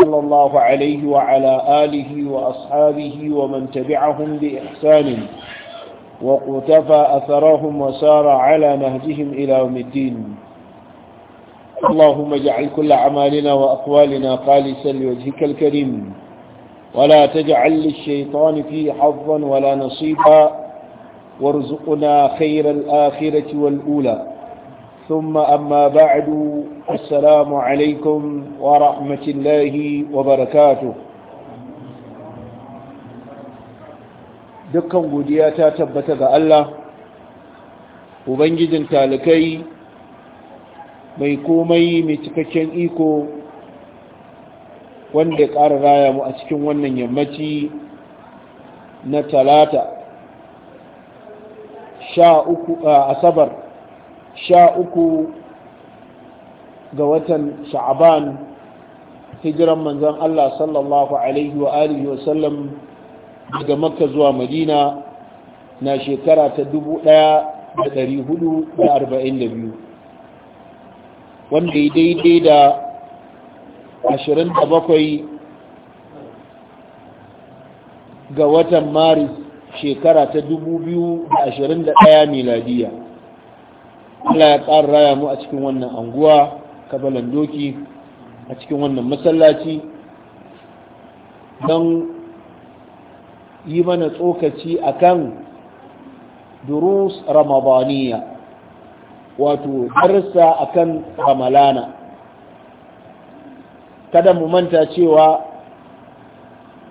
صلى الله عليه وعلى آله وأصحابه ومن تبعهم بإحسان وقتفى أثرهم وسار على نهجهم إلى يوم الدين اللهم اجعل كل أعمالنا وأقوالنا خالصا لوجهك الكريم ولا تجعل للشيطان فيه حظا ولا نصيبا وارزقنا خير الآخرة والأولى ثم أما بعد السلام عليكم ورحمة الله وبركاته dukkan godiya ta tabbata ga Allah ubangijin talikai mai komai mai cikakken iko wanda ya ƙara raya mu a cikin wannan yammaci na talata sha uku a asabar sha uku ga watan sha'aban hijiran manzan Allah sallallahu alaihi wa alihi sallam daga makka zuwa madina na shekara ta biyu, wanda ya daidai da bakwai ga watan maris shekara ta 2021 miladiyya Allah ya ƙara raya mu a cikin wannan anguwa kabalan doki a cikin wannan masallaci don yi mana tsokaci akan durus ramadaniya wato darsa akan ramalana kada mu manta cewa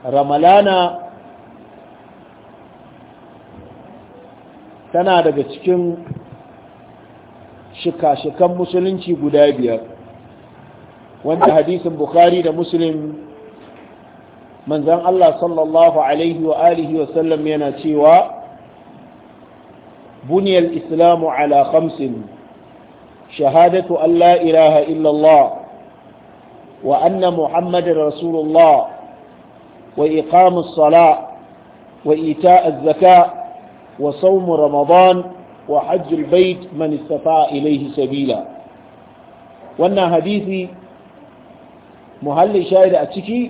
ramalana tana daga cikin shika-shikan musulunci guda biyar wanda hadisin bukhari da muslim manzan Allah sallallahu alaihi wa alihi wa sallam yana cewa buniyar islamu ala khamsin shahadatu an la ilaha illallah wa anna muhammadin rasulullah wa iqamus sala wa ita zaka wa saumu ramadan wa hajjul bait man ilaihi sabila wannan hadisi muhallin shaida a ciki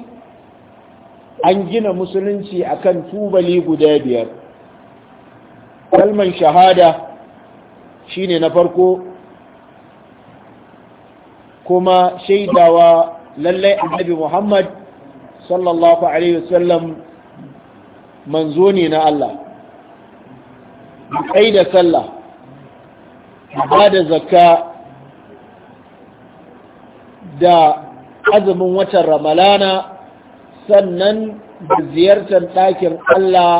an gina musulunci akan tubali guda biyar kalman shahada shine na farko kuma shaidawa lallai annabi Muhammad sallallahu alaihi wasallam manzo ne na Allah kai da sallah ba da zakka da azumin watan ramalana sannan da ziyartar ɗakin Allah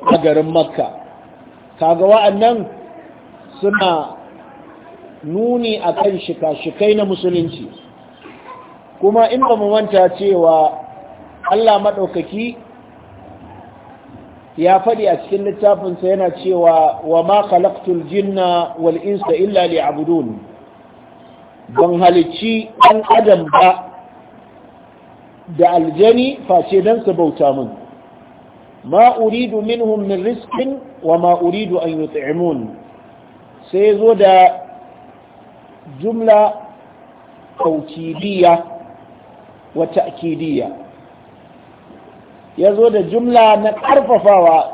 a garin makka kaga wa'annan suna nuni akan shika-shikai na musulunci kuma in ba mu manta cewa Allah maɗaukaki ya faɗi a cikin littafinsa yana cewa wa ma khalaqtul jinna wal insa illa liya'budun ban halicci ɗan adam ba da aljani face don su bauta min ma uridu minhum min riskin wa ma uridu an yut'imun sai zo da jumla tawkidiyya wa ta'kidiyya ya zo da jumla na ƙarfafawa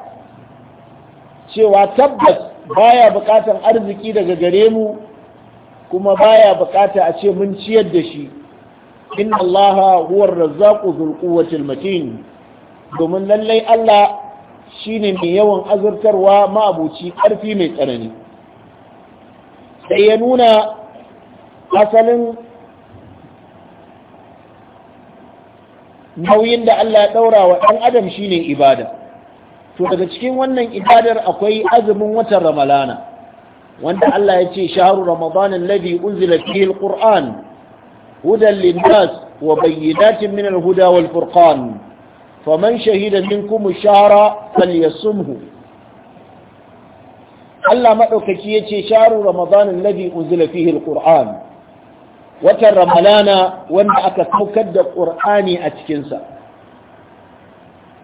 cewa tabbas baya buƙatar arziki daga gare mu kuma baya buƙata a ce mun ciyar da shi in allaha huwar razzaqu zul quwwatil matin domin lallai Allah shine mai yawan azurtarwa ma'abuci ƙarfi mai tsanani sai ya nuna asalin nauyin da Allah ya ɗaura wa ɗan adam shine ibada to daga cikin wannan ibadar akwai azumin watan ramalana wanda Allah ya ce shaharu ramadan alladhi unzila fihi alquran hudan linnas wa bayyinatin min alhuda wal furqan faman shahida minkum ash-shahra falyasumhu Allah madaukaki yace shahru ramadan alladhi unzila fihi alquran watan ramalana wanda aka saukar da ƙur'ani a cikinsa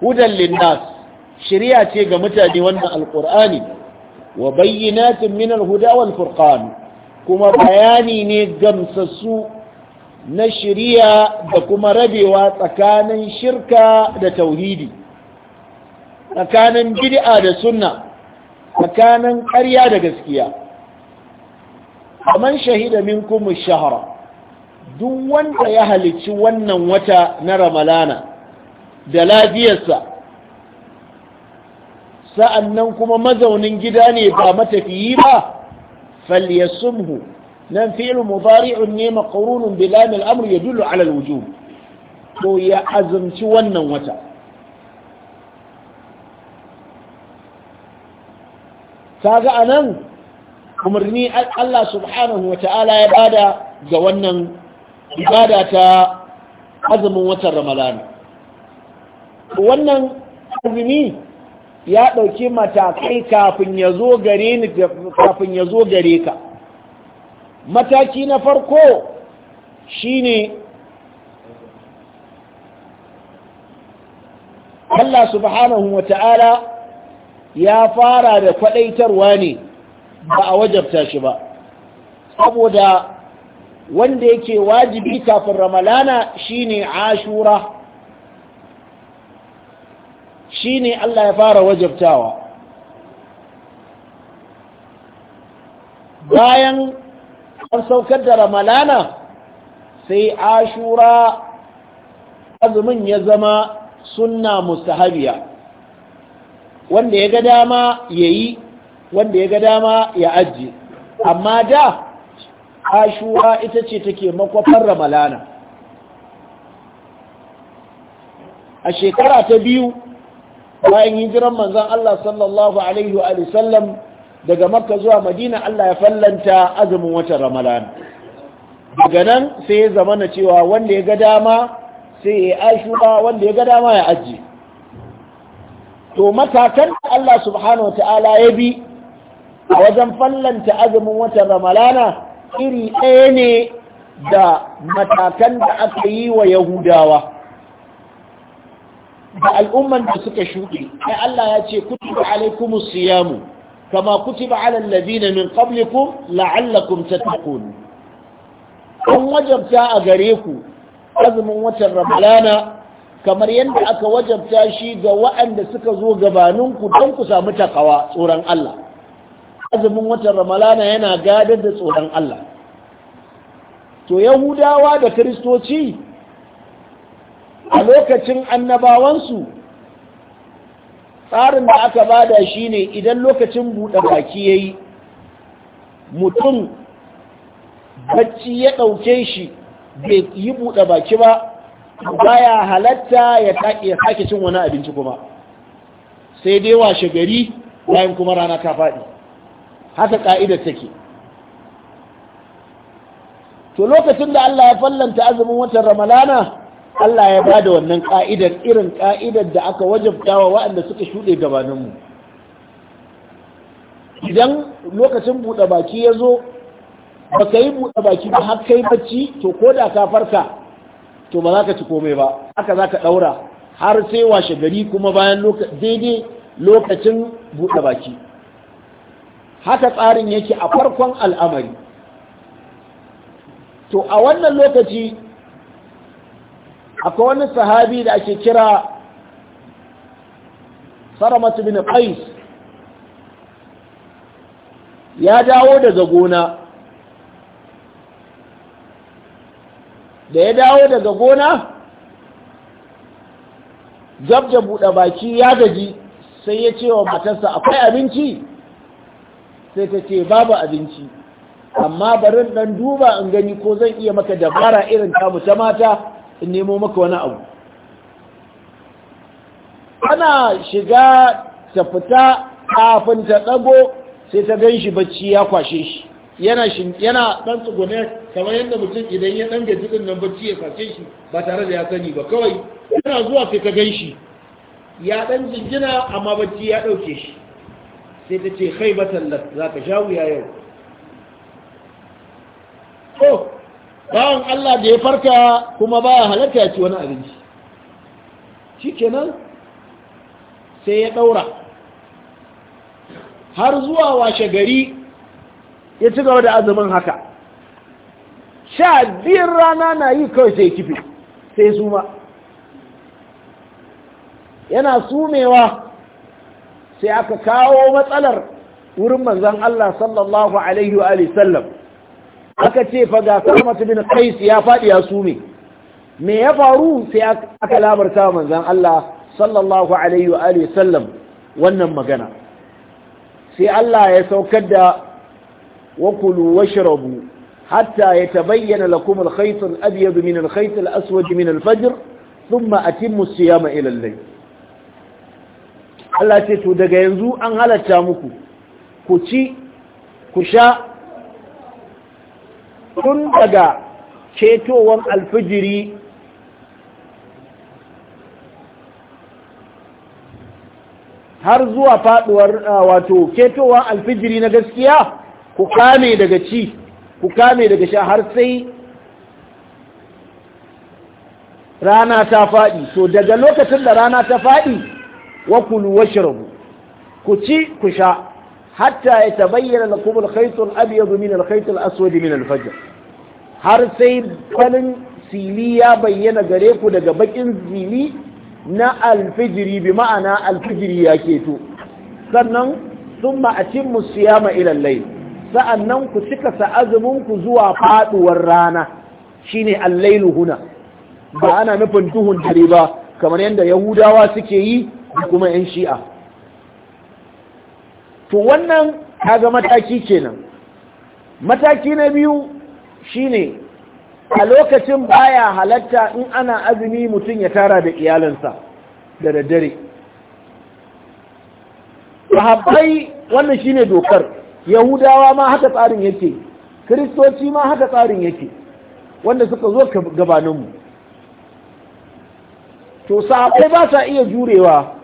hudan linnas shirya ce ga mutane wannan alƙur'ani wa bayyinatin min alhuda furkanu kuma bayani ne gamsassu na shirya da kuma rabewa tsakanin shirka da tauhidi tsakanin bid'a da sunna tsakanin ƙarya da gaskiya man shahida minkum ash shahara. duk wanda ya halicci wannan wata na ramalana da lafiyarsa sa'annan kuma mazaunin gida ne ba matafiyi ba falyasumhu nan fi'il mubari'un ne maqrunun bilamil Amur ya amr alal ala to ya azumci wannan wata kaga anan umarni Allah subhanahu wa ta'ala ya bada ga wannan ibada ta azumin watan ramadan wannan azumi ya ɗauki matakai kafin ya zo gare ni kafin ya gare ka mataki na farko shine Allah subhanahu wa ta'ala ya fara da kwaɗaitarwa ne ba a wajabta shi ba saboda wanda yake wajibi kafin ramalana shine ashura shine Allah ya fara wajabtawa bayan an saukar da ramalana sai ashura azumin ya zama sunna mustahabiya wanda ya ga dama ya yi wanda ya ga dama ya ajiye amma da ashura ita ce take makwafar ramalana a shekara ta biyu bayan hijiran manzan Allah sallallahu alaihi wa daga makka zuwa madina Allah ya fallanta azumin watan ramalana daga nan sai ya zama na cewa wanda ya ga dama sai ya ashura wanda ya ga dama ya ajiye to matakan da Allah subhanahu wa ta'ala ya bi a wajen fallanta azumin watan ramalana iri ɗaya ne da matakan da aka yi wa yahudawa da al'umman da suka shuɗe ai Allah ya ce kutiba alaikumus siyamu kama kutiba alal ladina min qablikum la'allakum tattaqun an wajabta a gare ku azumin watan ramadana kamar yadda aka wajabta shi ga waɗanda suka zo gabaninku don ku samu takawa tsoron Allah azumin watan ramadana yana gadar da tsoron Allah to yahudawa da kiristoci a lokacin annabawansu tsarin da aka bada ne idan lokacin buɗe baki ya yi, mutum bacci ya ɗauke shi bai yi buɗe baki ba baya halatta ya sake cin wani abinci kuma sai dai washe gari bayan kuma rana ta faɗi haka ƙa'idar take to lokacin da Allah ya fallanta azumin watan ramalana Allah ya bada wannan ka'idar irin ka'idar da aka wajabta wa waɗanda suka shuɗe gabaninmu idan lokacin buɗe baki ya zo ba ka yi buɗe baki ba har kai bacci to ko da ka farka to ba za ka ci komai ba haka za ka ɗaura har sai washe gari kuma bayan daidai lokacin buɗe baki haka tsarin yake a farkon al'amari to a wannan lokaci akwai wani sahabi da ake kira saramatu bin qais ya dawo daga gona da ya dawo daga gona jabja buɗe baki ya gaji sai ya ce wa matarsa akwai abinci sai ta ce babu abinci amma barin dan duba in gani ko zan iya maka dabara irin tamu ta mata in nemo maka wani abu ana shiga ta fita kafin ta dago sai ta gan shi bacci ya kwashe shi yana shi yana dan tsugune kamar yadda mutum idan ya dan gaji din nan bacci ya kwashe shi ba tare da ya sani ba kawai yana zuwa sai ta gan ya dan jinjina amma bacci ya dauke shi sai ta ce khaibatan lak zaka jawo ya yau ko bawan Allah da ya farka kuma baya halatta ya ci wani abinci kenan sai ya daura har zuwa washe gari ya ci gaba da azumin haka sha biyar rana na yi kawai sai kifi sai suma yana sumewa sai aka kawo matsalar wurin manzan Allah sallallahu Alaihi wa sallam aka ce fa ga masu bin Qais ya faɗi ya sume me ya faru sai aka labarta manzon Allah sallallahu alaihi wa alihi sallam wannan magana sai Allah ya saukar da wa washrabu hatta yatabayyana lakum al-khayt al-abyad min al-khayt al-aswad min al-fajr thumma atimmu as-siyama ila al-layl Allah ce to daga yanzu an halatta muku ku ci ku sha tun daga cetowar alfijiri har zuwa faduwar ah, wato cetowan alfijiri na gaskiya ku kame daga ci ku kame daga sha har sai rana ta faɗi so daga lokacin da rana ta faɗi wa kulu washrabu ku ci ku sha hatta ya tabayyana lakum al-khayt al min al aswad min al har sai farin sili ya bayyana gare ku daga bakin zili na alfijiri bi ma'ana alfijiri ya keto sannan summa atimmu siyama ila al-layl sa'annan ku cika azumin ku zuwa faduwar rana shine al-layl huna ba ana nufin duhun dare ba kamar yadda yahudawa suke yi da kuma yan shi'a to wannan kaga mataki kenan mataki na biyu shine a lokacin baya halatta in ana azumi mutum ya tara da iyalansa da daddare sahabbai wannan shine dokar yahudawa ma haka tsarin yake kiristoci ma haka tsarin yake wanda suka zo gabaninmu to sahabbai ba sa iya jurewa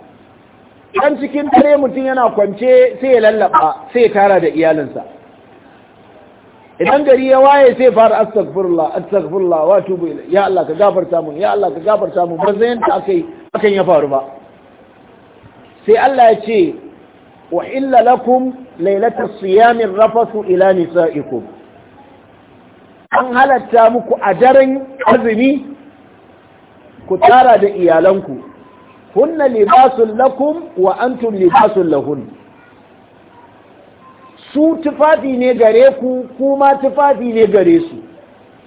can cikin dare mutum yana kwance sai ya lallaba sai ya tara da iyalinsa idan gari ya waye sai fara astaghfirullah astaghfirullah wa tubu ila ya Allah ka gafarta mun ya Allah ka gafarta mun ba zai yanta akai akan ya faru ba sai Allah ya ce wa illa lakum lailatus siyami rafasu ila nisaikum an halatta muku a daren azumi ku tara da iyalanku hunna libasun lakum wa antum libasun lahun su tufafi ne gare ku kuma tufafi ne gare su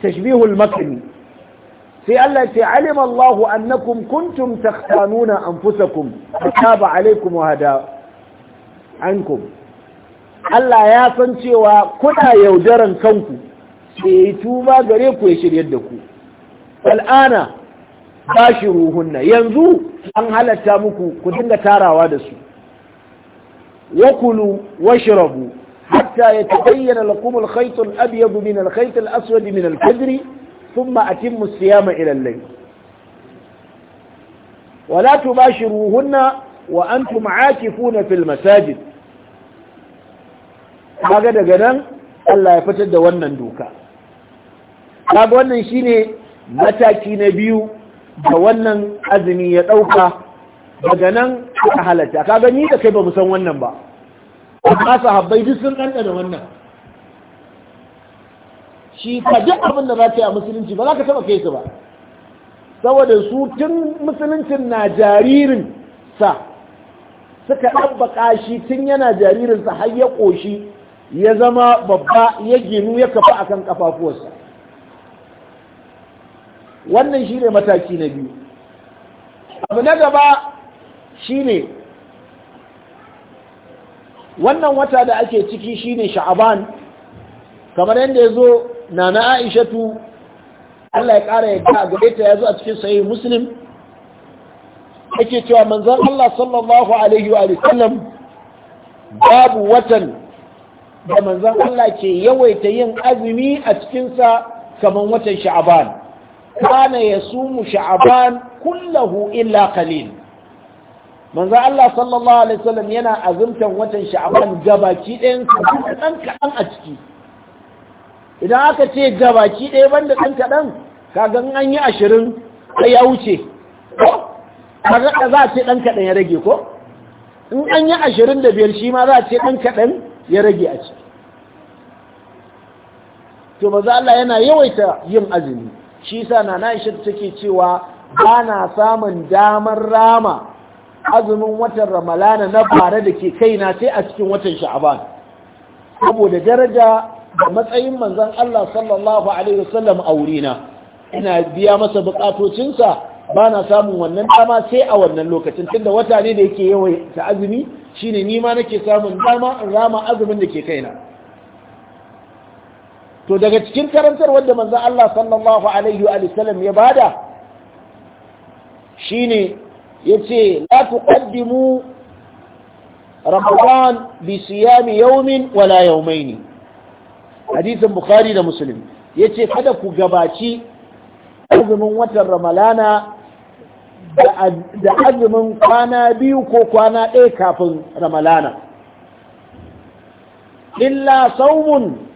tashbihul makani sai Allah ce alim Allah annakum kuntum takhtanuna anfusakum fataba alaikum wa hada ankum Allah ya san cewa kuna yaudaran kanku sai tuba gare ku ya shirya da ku al'ana ruhunna, yanzu an halatta muku ku dinga tarawa da su wakulu washrabu hatta yatabayyana lakum al-khayt al-abyad min al-khayt al-aswad min al-fajr thumma atimmu as-siyama ila al-layl ولا تباشروهن وأنتم عاكفون في المساجد kaga daga nan Allah ya fitar da wannan doka kaga wannan shine mataki na biyu da wannan azumi ya ɗauka daga nan a halatta ka gani da kai ba san wannan ba amma sahabbai duk sun ɗanɗana wannan shi ka duk abin da za ka yi a musulunci ba za ka taɓa kai su ba saboda su tun musuluncin na jaririn sa suka ɗabbaƙa shi tun yana jaririnsa har ya ƙoshi ya zama babba ya ginu ya kafa akan kafafuwarsa wannan shi ne mataki na biyu abu na gaba ne. wannan wata da ake ciki shi ne sha'aban kamar yadda ya zo na na aishatu Allah ya ƙara yadda a gare ta ya zo a cikin sayi muslim yake cewa manzan Allah sallallahu alaihi wa sallam babu watan da manzan Allah ke yawaita yin azumi a cikinsa kamar watan sha'aban kana sumu sha'aban kullahu illa qalil manzo Allah sallallahu alaihi wasallam yana azumtan watan sha'aban gabaki ɗayan sa dan kaɗan a ciki idan aka ce gabaki ɗaya banda dan kadan, kaga an yi ashirin sai ya wuce kaga za a ce dan kadan ya rage ko in an yi ashirin da biyar shi ma za a ce dan kadan ya rage a ciki to manzo Allah yana yawaita yin azumi shi sa na Aisha take cewa ba na samun damar rama azumin watan Ramalana na bare da ke kaina sai a cikin watan Sha'aban saboda daraja da matsayin manzon Allah sallallahu alaihi wasallam aurina ina biya masa bukatocinsa ba na samun wannan dama sai a wannan lokacin tunda wata ne da yake ta azumi shine ni ma nake samun dama in rama azumin da ke kaina to daga cikin karantar wanda manzo Allah sallallahu alaihi wa sallam ya bada shine yace la tuqaddimu ramadan bi siyami yawmin wala yawmayn hadisin bukhari da muslim yace kada ku gabaci azumin watan ramalana da azumin kwana biyu ko kwana ɗaya kafin ramalana illa saumun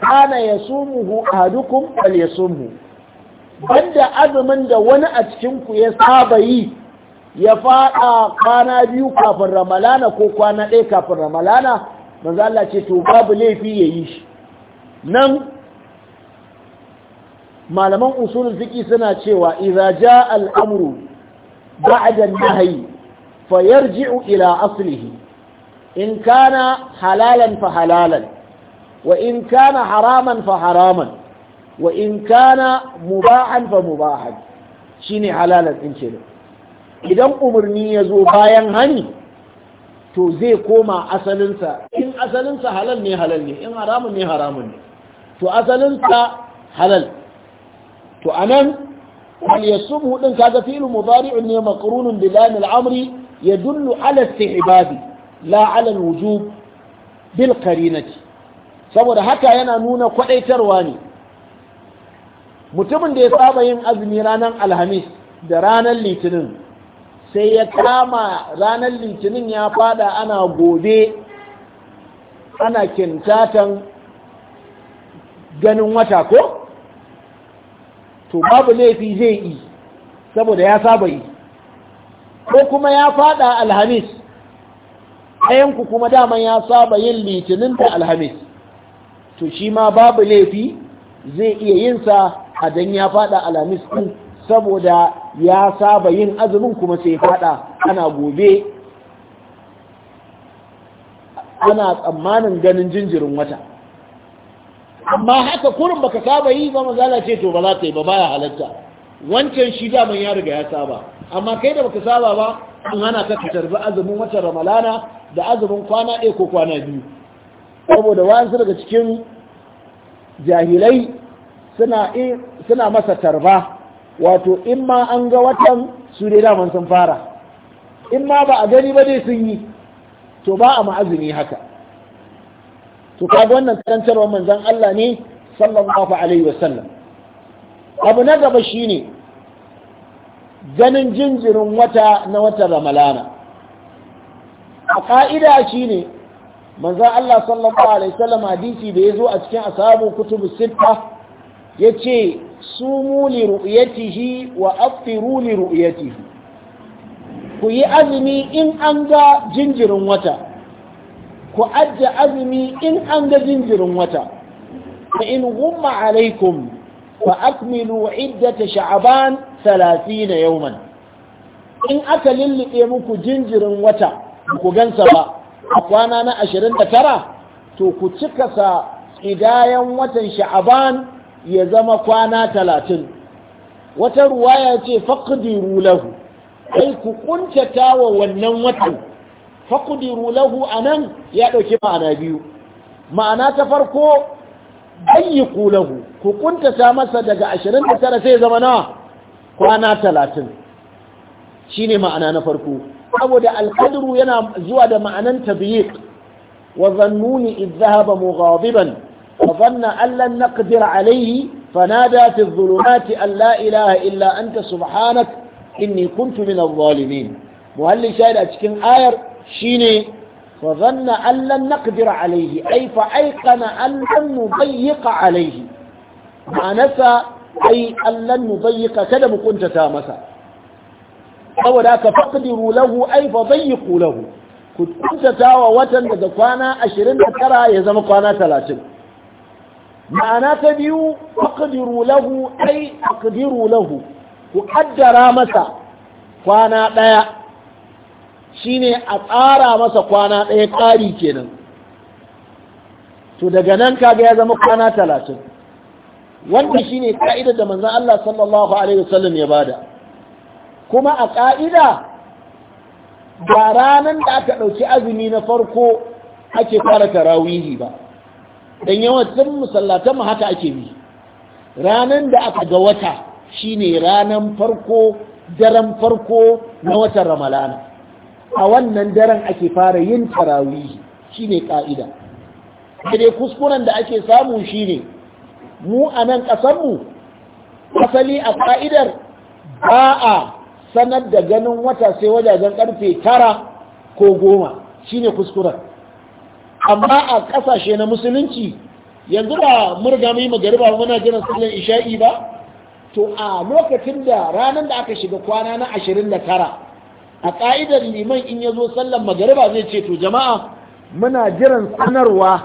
kana yasumuhu ahadukum falyasumhu banda azumin da wani a cikin ku ya saba yi ya fada kwana biyu kafin ramalana ko kwana ɗaya kafin ramalana manzo Allah ce to babu laifi yayi shi nan malaman usulul fiqi suna cewa idza jaa al-amru ba'da an-nahy fayarji'u ila aslihi in kana halalan fa halalan wa in kana haraman fa haraman wa in mubahan fa mubahan shine halalan din kenan idan umarni ya zo bayan hani to zai koma asalinsa in asalinsa halal ne halal ne in haramun ne haramun ne to asalinsa halal to anan wal yasubhu din kaga fi'lu mudari'un ne maqrunun bi lam al-amri ya ala istihbabi la bil qarinati saboda haka yana nuna kwadaitarwa ne mutumin da ya saba yin azumi ranar alhamis da ranar litinin sai ya kama ranar litinin ya fada ana gobe ana kintatan ganin wata ko to babu laifi zai yi saboda ya saba yi ko kuma ya fada alhamis ayanku kuma daman ya saba yin litinin da alhamis to shi ma babu laifi zai iya yin sa a dan ya fada alamis din saboda ya saba yin azumin kuma sai ya fada ana gobe ana tsammanin ganin jinjirin wata amma haka kurin baka saba yi ba mazala ce to ba za ka yi ba baya halatta wancan shi daman ya riga ya saba amma kai da baka saba ba an hana ta ka tarbi azumin watan ramalana da azumin kwana ɗaya ko kwana biyu saboda wasu daga cikin jahilai suna masa tarba wato in ma an ga watan su dai daman sun fara in ma ba a gani ba dai sun yi to ba a ma'azumi haka to kaga wannan karantarwar manzan Allah ne sallallahu alaihi wasallam abu na gaba shine ganin jinjirin wata na wata ramalana a ƙa'ida shine manzan Allah sallallahu alaihi wasallam hadisi da ya zo a cikin ashabu kutubu sitta yace sumu li ru'yatihi wa aftiru li ru'yatihi ku yi azumi in an ga jinjirin wata ku ajja azumi in an ga jinjirin wata fa in gumma alaikum fa akmilu iddata sha'ban 30 yawman in aka lillibe muku jinjirin wata ku gansa ba a kwana na 29 to ku cika sa idayen watan sha'aban ya zama kwana talatin. wata ruwa ya ce faqdiru lahu ai ku kuntata wa wannan watan faqdiru lahu anan ya ɗauki ma'ana biyu ma'ana ta farko yi lahu ku kuntata masa daga 29 sai zama nawa kwana 30 shine ma'ana na farko saboda alkadru yana zuwa da ma'anan tabiyyik wa zannuni idh dhahaba mughadiban fa dhanna an lan naqdir alayhi fanada fi dhulumati an la ilaha illa anta subhanak inni kuntu min adh-dhalimin muhallin shahid a cikin ayar shine fa dhanna an lan naqdir alayhi ay fa ayqana an lan nudayyiq alayhi ma'anasa ay an lan nudayyiqa kada mu kuntata masa saboda ka faqdiru lahu ay fadayyiqu lahu ku kuntata wa watan daga kwana 29 ya zama kwana 30 ma'ana ta biyu faqdiru lahu ay aqdiru lahu ku kaddara masa kwana daya shine a tsara masa kwana daya kari kenan to daga nan kaga ya zama kwana 30 wannan shine ka'idar da manzon Allah sallallahu alaihi wasallam ya bada kuma a ƙa'ida ba ranar da aka ɗauki azumi na farko ake fara tarawihi ba don yawancin musallatan haka ake bi ranar da aka ga wata shi ne ranar farko daren farko na watan ramalana a wannan daren ake fara yin tarawihi ne ƙa'ida dai kuskuren da ake samu shi ne, mu a nan ƙasarmu asali a ƙa'idar ba a sanar da ganin wata sai wajajen karfe tara ko goma shi ne kuskuren amma a kasashe na musulunci yanzu ba murgami magariba muna jiran sallar isha'i ba to a lokacin da ranar da aka shiga kwana na ashirin da tara a ƙa'idar liman in ya zo sallar magariba zai ce to jama'a muna jiran sanarwa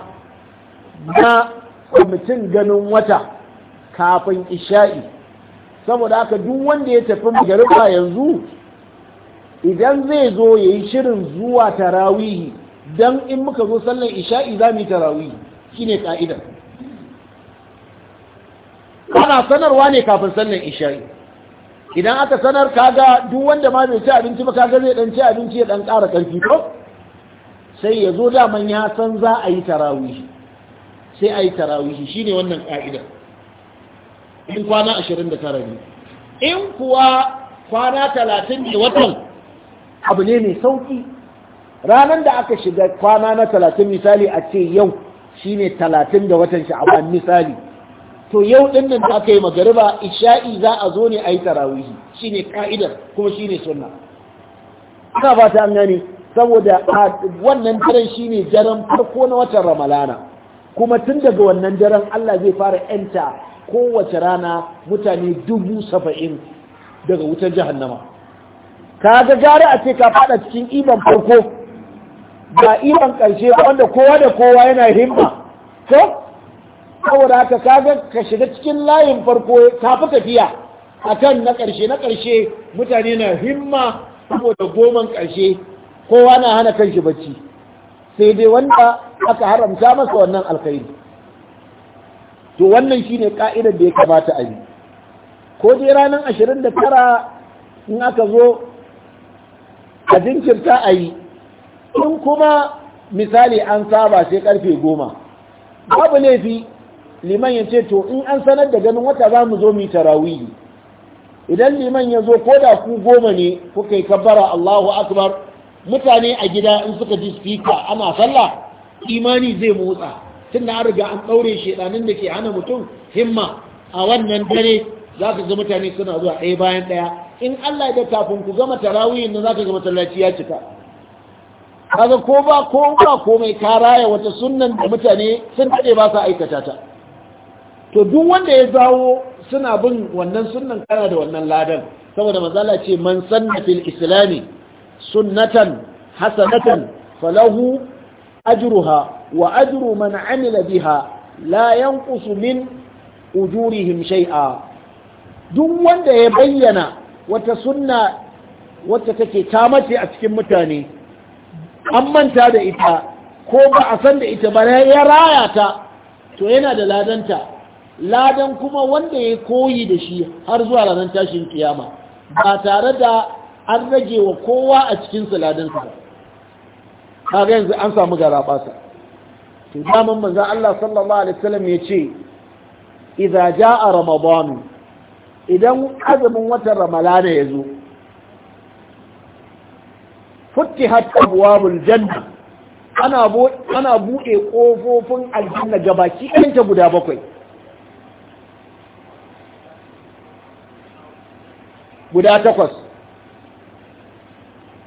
na kwamitin ganin wata kafin isha'i saboda aka duk wanda ya tafi magariba yanzu idan zai zo ya yi shirin zuwa tarawihi don in muka zo sallan isha'i za mu yi tarawihi shine ka'ida kana sanarwa ne kafin sallan isha'i idan aka sanar kaga duk wanda ma bai ci abinci ba kaga zai dan ci abinci ya dan kara ƙarfi ko sai ya zo daman ya san za a yi tarawihi sai a yi tarawihi shine wannan ka'idar in kwana 29 ne in kuwa kwana 30 ne watan abu ne mai sauki ranar da aka shiga kwana na 30 misali a ce yau shine 30 da watan sha'aban misali to yau din nan da aka yi magariba isha'i za a zo ne a yi tarawihi shine ka'idar kuma shine sunna ina ba ta an gani. saboda wannan daren shine daren farko na watan ramalana kuma tun daga wannan daren Allah zai fara yanta kowace rana mutane dubu saba'in daga wutar jihannama ka ga gari a ce ka fada cikin iban farko ba iban ƙarshe wanda kowa da kowa yana himma ko saboda haka ka ga ka shiga cikin layin farko ka fi tafiya kan na ƙarshe na ƙarshe mutane na himma saboda goman ƙarshe kowa na hana kanshi bacci sai dai wanda aka haramta masa wannan alkhairi to wannan shine ka'idar da ya kamata a yi ko dai ranar ashirin da tara in aka zo a jinkirta a yi in kuma misali an saba sai karfe goma babu laifi liman ya ce to in an sanar da ganin wata za mu zo muyi tarawi idan liman ya zo ko da ku goma ne kuka yi kabbara Allahu akbar mutane a gida in suka ji spika ana sallah imani zai motsa tun da an riga an ɗaure shedanin da ke hana mutum himma a wannan dare za ka ga mutane suna zuwa ɗaya bayan ɗaya in Allah ya kafin ku gama tarawihin nan za ka ga masallaci ya cika kaga ko ba ko ba ko mai karaya, wata sunnan da mutane sun daɗe ba sa aikata ta to duk wanda ya zawo suna bin wannan sunnan kana da wannan ladan saboda manzala ce man sanna fil islami sunnatan hasanatan falahu أجرها وأجر من عمل بها لا ينقص من أجورهم duk wanda ya bayyana wata sunna wacce take ta mace a cikin mutane an manta da ita ko ba a san da ita ba ya raya ta to yana da ladanta ladan kuma wanda ya koyi da shi har zuwa ranar tashin kiyama ba tare da an rage wa kowa a cikinsa su ba kaga yanzu an samu gara basa to daman manzon Allah sallallahu alaihi wasallam ya ce idza jaa ramadan idan azumin watan ramalana ya zo futtihat abwabul janna ana bo ana bude kofofin aljanna gabaki ɗanta guda bakwai guda takwas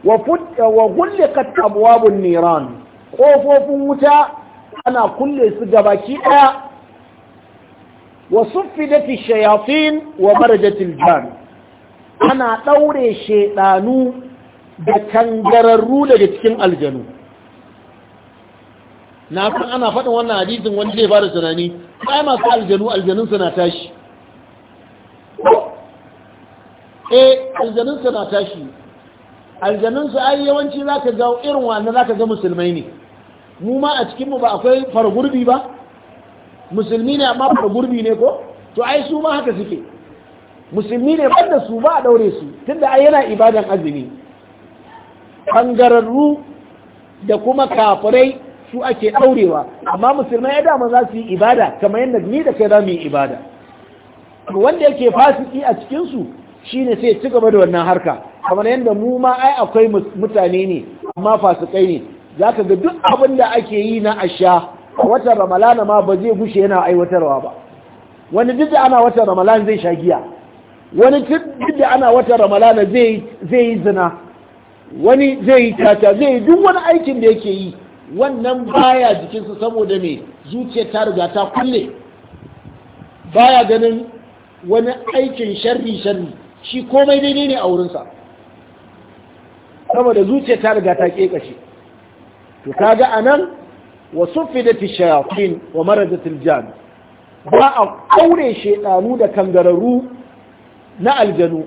wa gullikat abwabun niran kofofin wuta ana kulle su baki ɗaya. wa suffidati shayatin wa marajatil jan ana daure shedanu da tangararru daga cikin aljanu na san ana faɗin wannan hadisin wani zai fara tunani ai masu aljanu aljanun suna tashi eh aljanun suna tashi aljanun su ai yawanci zaka ga irin wannan zaka ga musulmai ne mu ma a cikin ba akwai fargurbi ba musulmi ne amma fargurbi ne ko to ai su ma haka suke musulmi ne banda su ba a daure su tunda ai yana ibadan azumi bangararru da kuma kafirai su ake daurewa amma musulmai ya dama za su yi ibada kamar yadda ni da kai za mu yi ibada wanda yake fasiki a cikinsu shine sai ci gaba da wannan harka kamar yadda mu ma ai akwai mutane ne amma fasikai ne Za ka ga duk abin da ake yi na asha a watan ramalana ma ba zai gushe yana aiwatarwa ba wani duk da ana watan ramalan zai sha giya wani duk da ana watan ramalana zai yi zina wani zai yi tata zai yi duk wani aikin da yake yi wannan baya jikinsa saboda mai zuciyar ta riga ta kulle baya ganin wani aikin sharri sharri shi komai daidai ne a wurinsa saboda zuciya ta riga ta kekashe to kaga anan wa sufidati shayatin wa maradatil jan ba a kaure shedanu da kangararru na aljanu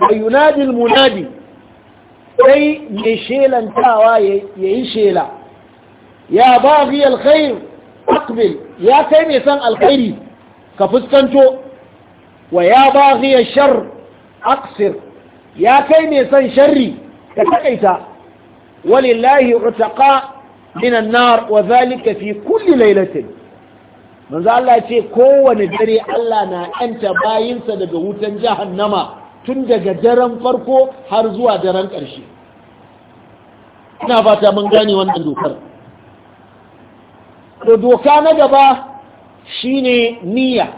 wa yunadi munadi sai mai shelantawa yayi shela ya baghi alkhair aqbil ya kai mai san alkhairi ka fuskanto wa ya baghi shan aqsir ya kai mai son sharri ka takaita walillahi utaqa minan nar wa zalika fi kulli laylatin. manzo Allah ce kowane dare Allah na yanta bayinsa daga wutan jahannama tun daga daren farko har zuwa daren ƙarshe ina fata mun gane wannan dokar to doka na gaba shine niyya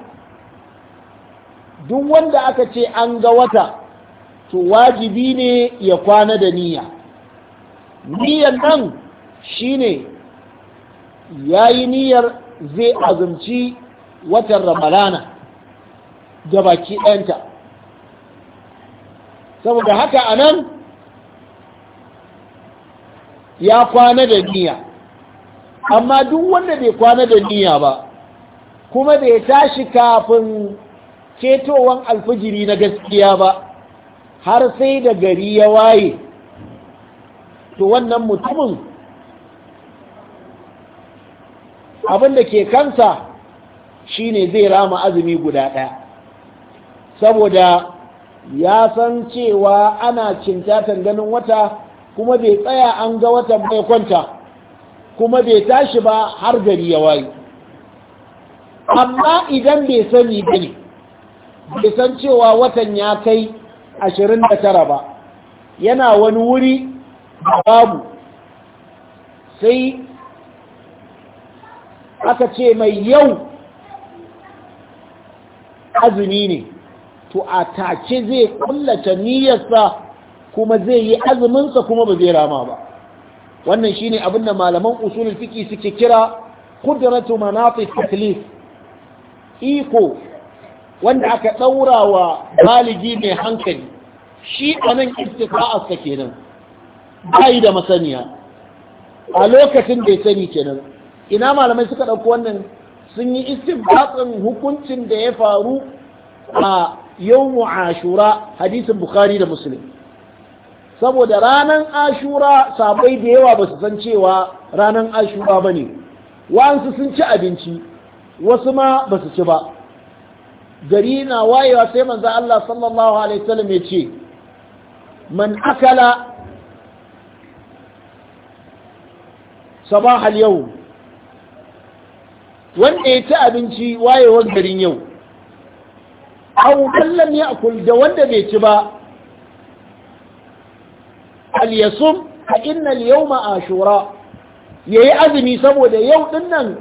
duk wanda aka ce an ga wata to wajibi ne ya kwana da niyya niyyan nan shine ya yi niyyar zai azumci watan ramalana da baki ɗanta saboda haka a nan ya kwana da niyya amma duk wanda bai kwana da niyya ba kuma bai tashi kafin ketowan alfijiri na gaskiya ba har sai da gari ya waye to wannan mutumin abin da ke kansa shine zai rama azumi guda ɗaya saboda ya san cewa ana cincatan ganin wata kuma bai tsaya an ga watan mai kwanta kuma bai tashi ba har gari ya waye amma idan bai sani ba bai san cewa watan ya kai ashirin da tara ba yana wani wuri babu sai aka ce mai yau azumi ne to a take zai kullata niyyarsa kuma zai yi azuminsa kuma ba zai rama ba wannan shine abin da malaman usulul fiki suke kira qudratu manaqi taklif iko wanda aka ɗaura wa baligi mai hankali shi a nan istifa'arsa kenan bayi da masaniya a lokacin bai sani kenan ina malamai suka ɗauki wannan sun yi istifa'atsin hukuncin da ya faru a yawmu ashura hadisin bukhari da muslim saboda ranar ashura sabai da yawa ba su san cewa ranar ashura ba ne wa'ansu sun ci abinci wasu ma ba su ci ba gari na wayewa sai manzo Allah sallallahu alaihi wasallam ya ce man akala sabah al-yawm wanda ya ci abinci wayewar garin yau aw kallam ya'kul da wanda bai ci ba al yasum fa inna al-yawma ashura yayi azumi saboda yau dinnan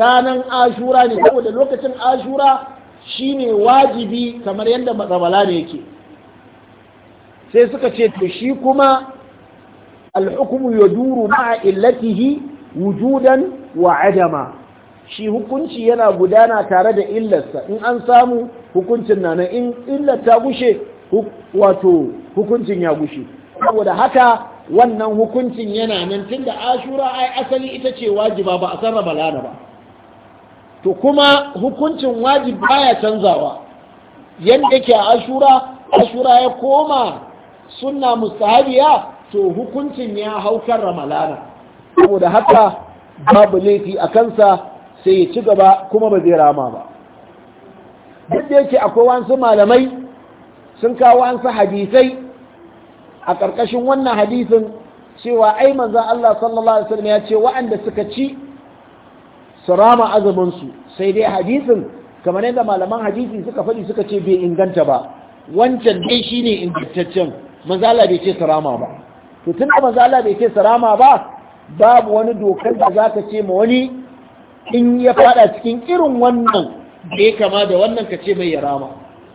ranan ashura ne saboda lokacin ashura Shi ne wajibi kamar yadda matsabala ne yake sai suka ce to shi kuma alhukumu ya duru ma'a illatihi wujudan wa adama shi hukunci yana gudana tare da illarsa in an samu hukuncin na nan in illar ta gushe wato hukuncin ya gushe saboda haka wannan hukuncin yana nan tunda ashura ai asali ita ce wajiba ba a sarrafa lana ba to kuma hukuncin wajib baya canzawa yadda yake a ashura ashura ya koma sunna mustahabiya to hukuncin ya haukar ramalana saboda haka babu laifi a kansa sai ya ci gaba kuma ba zai rama ba duk da yake akwai wasu malamai sun kawo wasu hadisai a ƙarƙashin wannan hadisin cewa ai manzan Allah sallallahu Alaihi wasallam ya ce wa'anda suka ci su rama su sai dai hadisin kamar yadda malaman hadisi suka faɗi suka ce bai inganta ba wancan dai shi ne ingantaccen mazala bai ce su rama ba to tun da mazala bai ce su rama ba babu wani dokar da za ka ce ma wani in ya faɗa cikin irin wannan da ya kama da wannan ka ce mai ya rama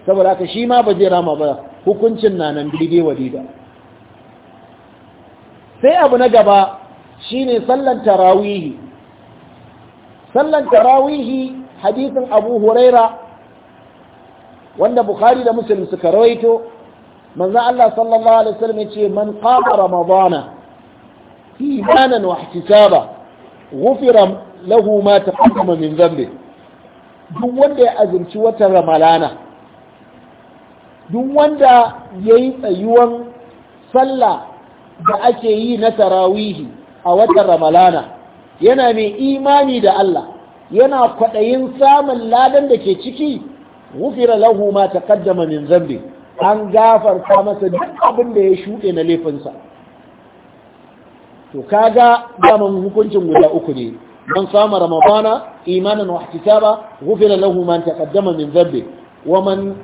saboda haka shi ma ba zai rama ba hukuncin na nan daidai wadida sai abu na gaba shine sallan tarawihi sallan tarawihi hadisin abu huraira wanda bukhari da muslim suka rawaito manzo Allah sallallahu alaihi wasallam yace man qama ramadana imanan wa ihtisaba ghufira lahu ma taqaddama min dhanbi duk wanda ya azumci watan ramalana duk wanda yayi tsayuwan sallah da ake yi na tarawihi a watan ramalana yana mai imani da Allah yana kwaɗayin samun ladan da ke ciki wufira lahu ma taqaddama min zambi an gafarta masa duk abin da ya shuɗe na laifinsa to kaga daman hukuncin guda uku ne man sama ramadana imanan wa ihtisaba ghufira lahu ma taqaddama min zambi wa man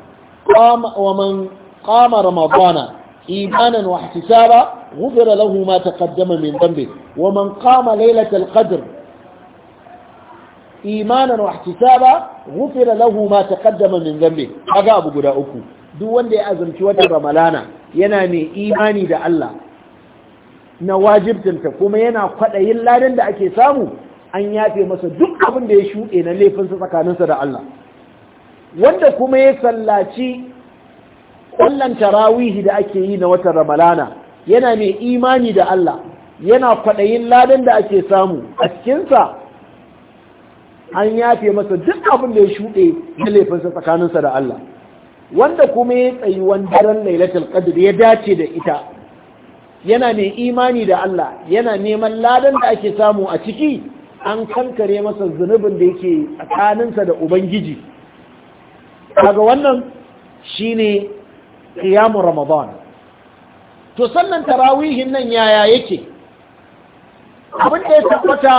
qama wa man qama ramadana إيمانا واحتسابا غفر له ما تقدم من ذنبه ومن قام ليلة القدر إيمانا واحتسابا غفر له ما تقدم من ذنبه هذا أبو قد أكو دو وندي أزم شوات رمالانا ينامي إيماني دا الله نواجب تنتكوما ينا قد يلا لن دا أكي سامو an yafe masa duk abin da ya shuɗe na laifinsa tsakaninsa da Allah wanda kuma ya sallaci kwallon tarawihi da ake yi na watan ramalana yana mai imani da Allah yana kwaɗayin ladan da ake samu a cikinsa an yafe masa duk abin da ya shuɗe na laifinsa tsakaninsa da Allah wanda kuma ya tsayi daren lailatul qadr ya dace da ita yana mai imani da Allah yana neman ladan da ake samu a ciki an kankare masa zunubin da yake tsakaninsa da ubangiji kaga wannan shine qiyamu ramadan to sannan tarawihin nan yaya yake abin da ya tabbata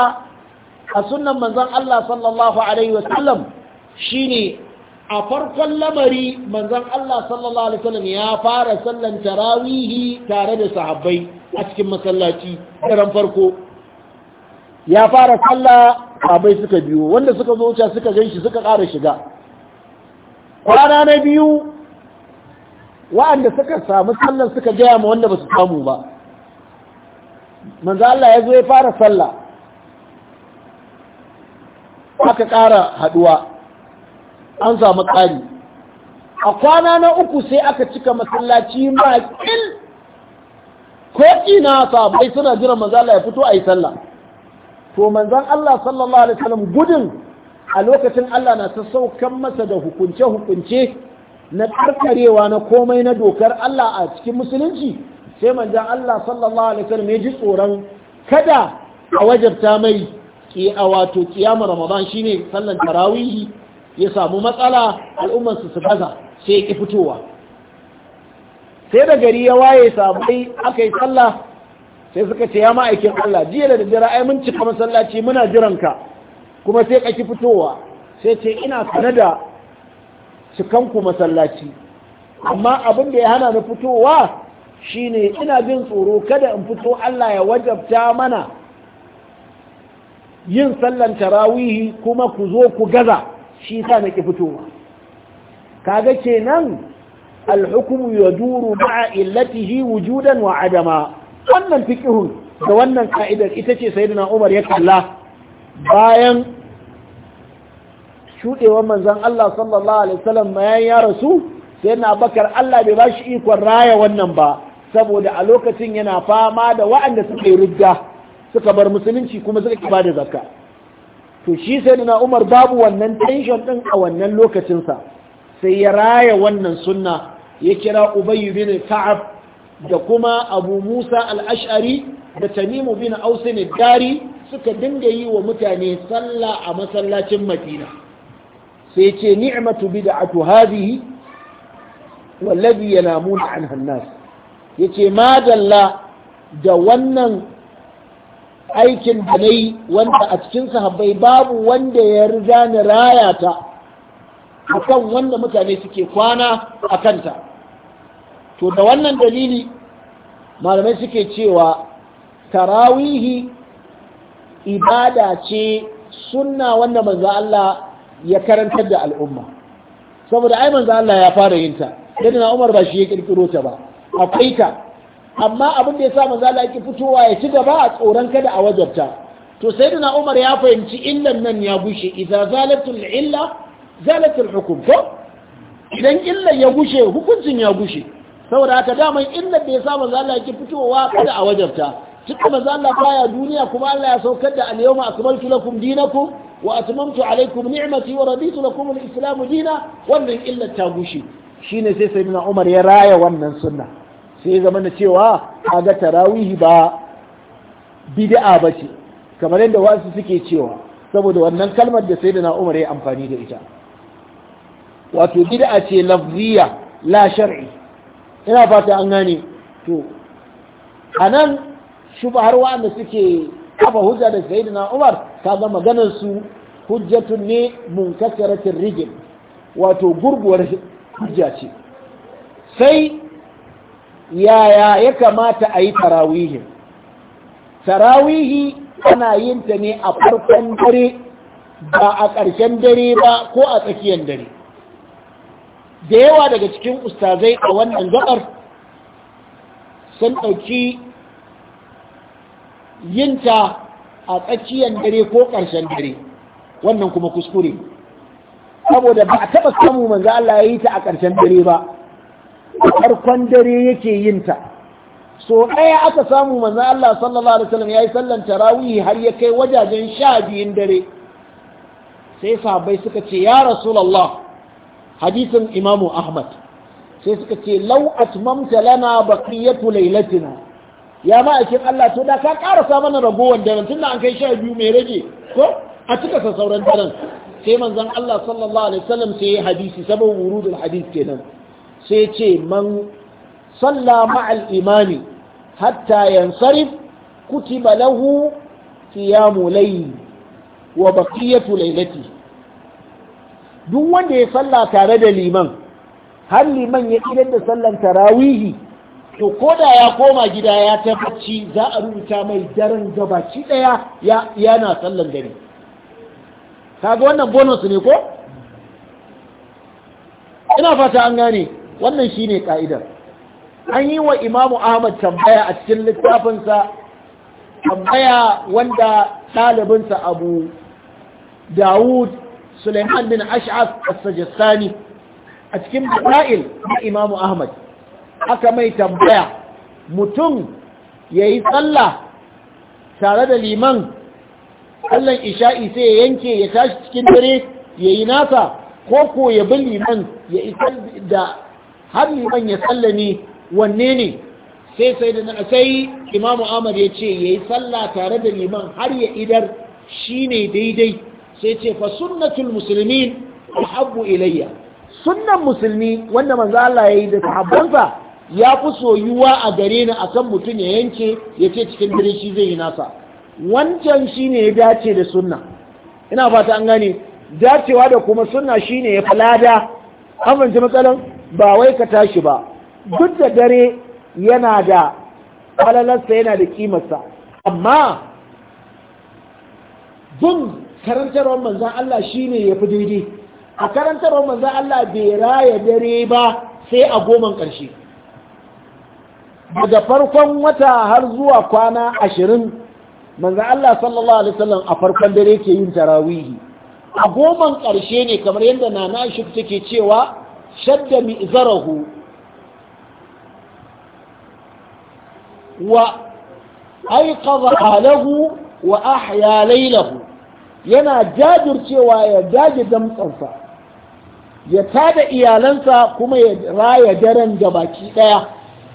a sunnan manzon Allah sallallahu alaihi wasallam shine a farkon lamari manzon Allah sallallahu alaihi wasallam ya fara sallan tarawihi tare da sahabbai a cikin masallaci daren farko ya fara sallah sahabbai suka biyo wanda suka zo wuce suka ganshi suka ƙara shiga kwana na biyu wa'anda suka samu sallar suka gaya ma wanda ba su samu ba manzo Allah ya zo ya fara sallah aka ƙara haduwa an samu ƙari a kwana na uku sai aka cika masallaci makil ko ina sabai suna jiran manzo Allah ya fito a yi sallah to manzon Allah sallallahu alaihi wasallam gudun a lokacin Allah na ta saukan masa da hukunce-hukunce na karkarewa na komai na dokar Allah a cikin musulunci sai manzan Allah sallallahu alaihi wasallam ya ji tsoron kada a wajabta mai ki a wato kiyamar Ramadan shine sallan tarawih ya samu matsala al'ummar su baza sai ya ƙi fitowa sai da gari ya waye sabai yi sallah sai suka ce ya ma'aikin Allah jiya da daddare ai mun cika masallaci muna jiranka kuma sai ka ƙi fitowa sai ce ina sanar da cikanku masallaci amma abin da ya hana ni fitowa shine ina jin tsoro kada in fito Allah ya wajabta mana yin sallan tarawihi kuma ku zo ku gaza shi sa nake fitowa kaga kenan alhukumu yaduru ma'a illatihi wujudan wa adama wannan fiqhun da wannan ka'idar ita ce sayyidina Umar ya kalla bayan shuɗewar manzon Allah sallallahu alaihi wasallam ya rasu sai na bakar Allah bai ba shi ikon raya wannan ba saboda a lokacin yana fama da wa'anda suka yi rudda suka bar musulunci kuma suka kiba da zakka to shi sai na Umar babu wannan tension din a wannan lokacin sa sai ya raya wannan sunna ya kira ubayyu bin Ka'ab da kuma Abu Musa al-Ash'ari da tamimu bin Aus dari suka dinga yi wa mutane sallah a masallacin Madina sai ce ni'matu bid'atu hadhihi wallazi yanamuna anha an-nas yace madalla da wannan aikin da nayi wanda a cikin sahabbai babu wanda ya riga ni rayata akan wanda mutane suke kwana a kanta to da wannan dalili malamai suke cewa tarawihi ibada ce sunna wanda manzo Allah ya karantar da al'umma saboda ai manzo Allah ya fara yin ta dan na Umar ba shi ya kirkiro ta ba akwai ta amma abin da yasa manzo Allah yake fitowa ya ci gaba a tsoron kada a wajabta to sayyidina Umar ya fahimci illan nan ya gushe idza zalatul illa zalatul hukm ko idan illan ya gushe hukuncin ya gushe saboda haka daman illan da sa manzo Allah yake fitowa kada a wajabta cikin manzo Allah baya duniya kuma Allah ya saukar da al-yawma akmaltu lakum dinakum wa atmamtu alaikum ni'mati wa raditu lakum al-islam dina wannan illa ta gushi shine sai sayyidina Umar ya raya wannan sunna sai zama na cewa kaga tarawihi ba bid'a bace kamar yadda wasu suke cewa saboda wannan kalmar da sayyidina Umar ya amfani da ita wato bid'a ce lafziya la shar'i ina fata an gane to anan shubhar wa'anda suke kafa hujja da sayyidina Umar ga maganar su hujjatun ne mun kasaratin rigin, wato gurguwar hujja ce sai yaya ya kamata a yi tarawihi tarawihi ana yin ta ne a farkon dare ba a ƙarshen dare ba ko a tsakiyar dare da yawa daga cikin ustazai a wannan gabar sun ɗauki yinta a tsakiyar dare ko ƙarshen dare wannan kuma kuskure saboda ba a taɓa samu manzo Allah ya yi ta a ƙarshen dare ba a farkon dare yake yinta so ɗaya aka samu manzo Allah sallallahu alaihi wasallam ya yi sallan tarawih har ya kai wajajen sha biyun dare sai sahabbai suka ce ya rasulullah hadisin imamu ahmad sai suka ce lau atmamta lana baqiyatu lailatina ya ma'aikin Allah to da ka karasa mana ragowar daren tun da an kai sha biyu mai rage ko a cika sa sauran daren sai manzon Allah sallallahu alaihi wasallam sai ya hadisi sabon wurudul hadis kenan sai ce man salla ma'al imami hatta yansarif kutiba lahu qiyamu layl wa baqiyatu laylati duk wanda ya salla tare da liman har liman ya idan da sallan tarawihi to ko da ya koma gida ya tabbaci za a rubuta mai daren gabaci daya ɗaya yana sallan dare kaga wannan bonus ne ko ina fata an gane wannan shine ka'idar an yi wa imamu ahmad tambaya a cikin littafinsa tambaya wanda ɗalibinsa abu dawud suleiman bin ash'af as-sajistani a cikin ba'il na imamu ahmad aka mai tambaya mutum ya yi tsalla tare da liman tsallon isha'i sai ya yanke ya tashi cikin dare ya yi nasa ko ko ya bi liman ya isar da har liman ya tsallani wanne ne sai sai da sai imamu ahmad ya ce ya yi tsalla tare da liman har ya idar shi ne daidai sai ce fa sunnatul musulmin ahabbu ilayya sunnan musulmi wanda manzo Allah yi da sahabbansa ya fi soyuwa a gare ni akan mutum ya yanke ya ce cikin dare shi zai yi nasa wancan shi ne ya dace da sunna ina fata an gane dacewa da kuma sunna ne ya falada an fahimci matsalan ba wai ka tashi ba duk da dare yana da falalarsa yana da kimarsa amma bin karantarwar manzan Allah shi ne ya fi daidai a karantarwar manzan Allah bai raya dare ba sai a goman ƙarshe daga farkon wata har zuwa kwana ashirin manzan Allah sallallahu Alaihi wasallam a farkon dare ke yin tarawihi a goman ƙarshe ne kamar yadda nana nashi take cewa shadda mi'zarahu wa aikaza halahu wa ahya lailahu yana jajircewa ya daji damtsansa ya tada iyalansa kuma ya raya daren da baki ɗaya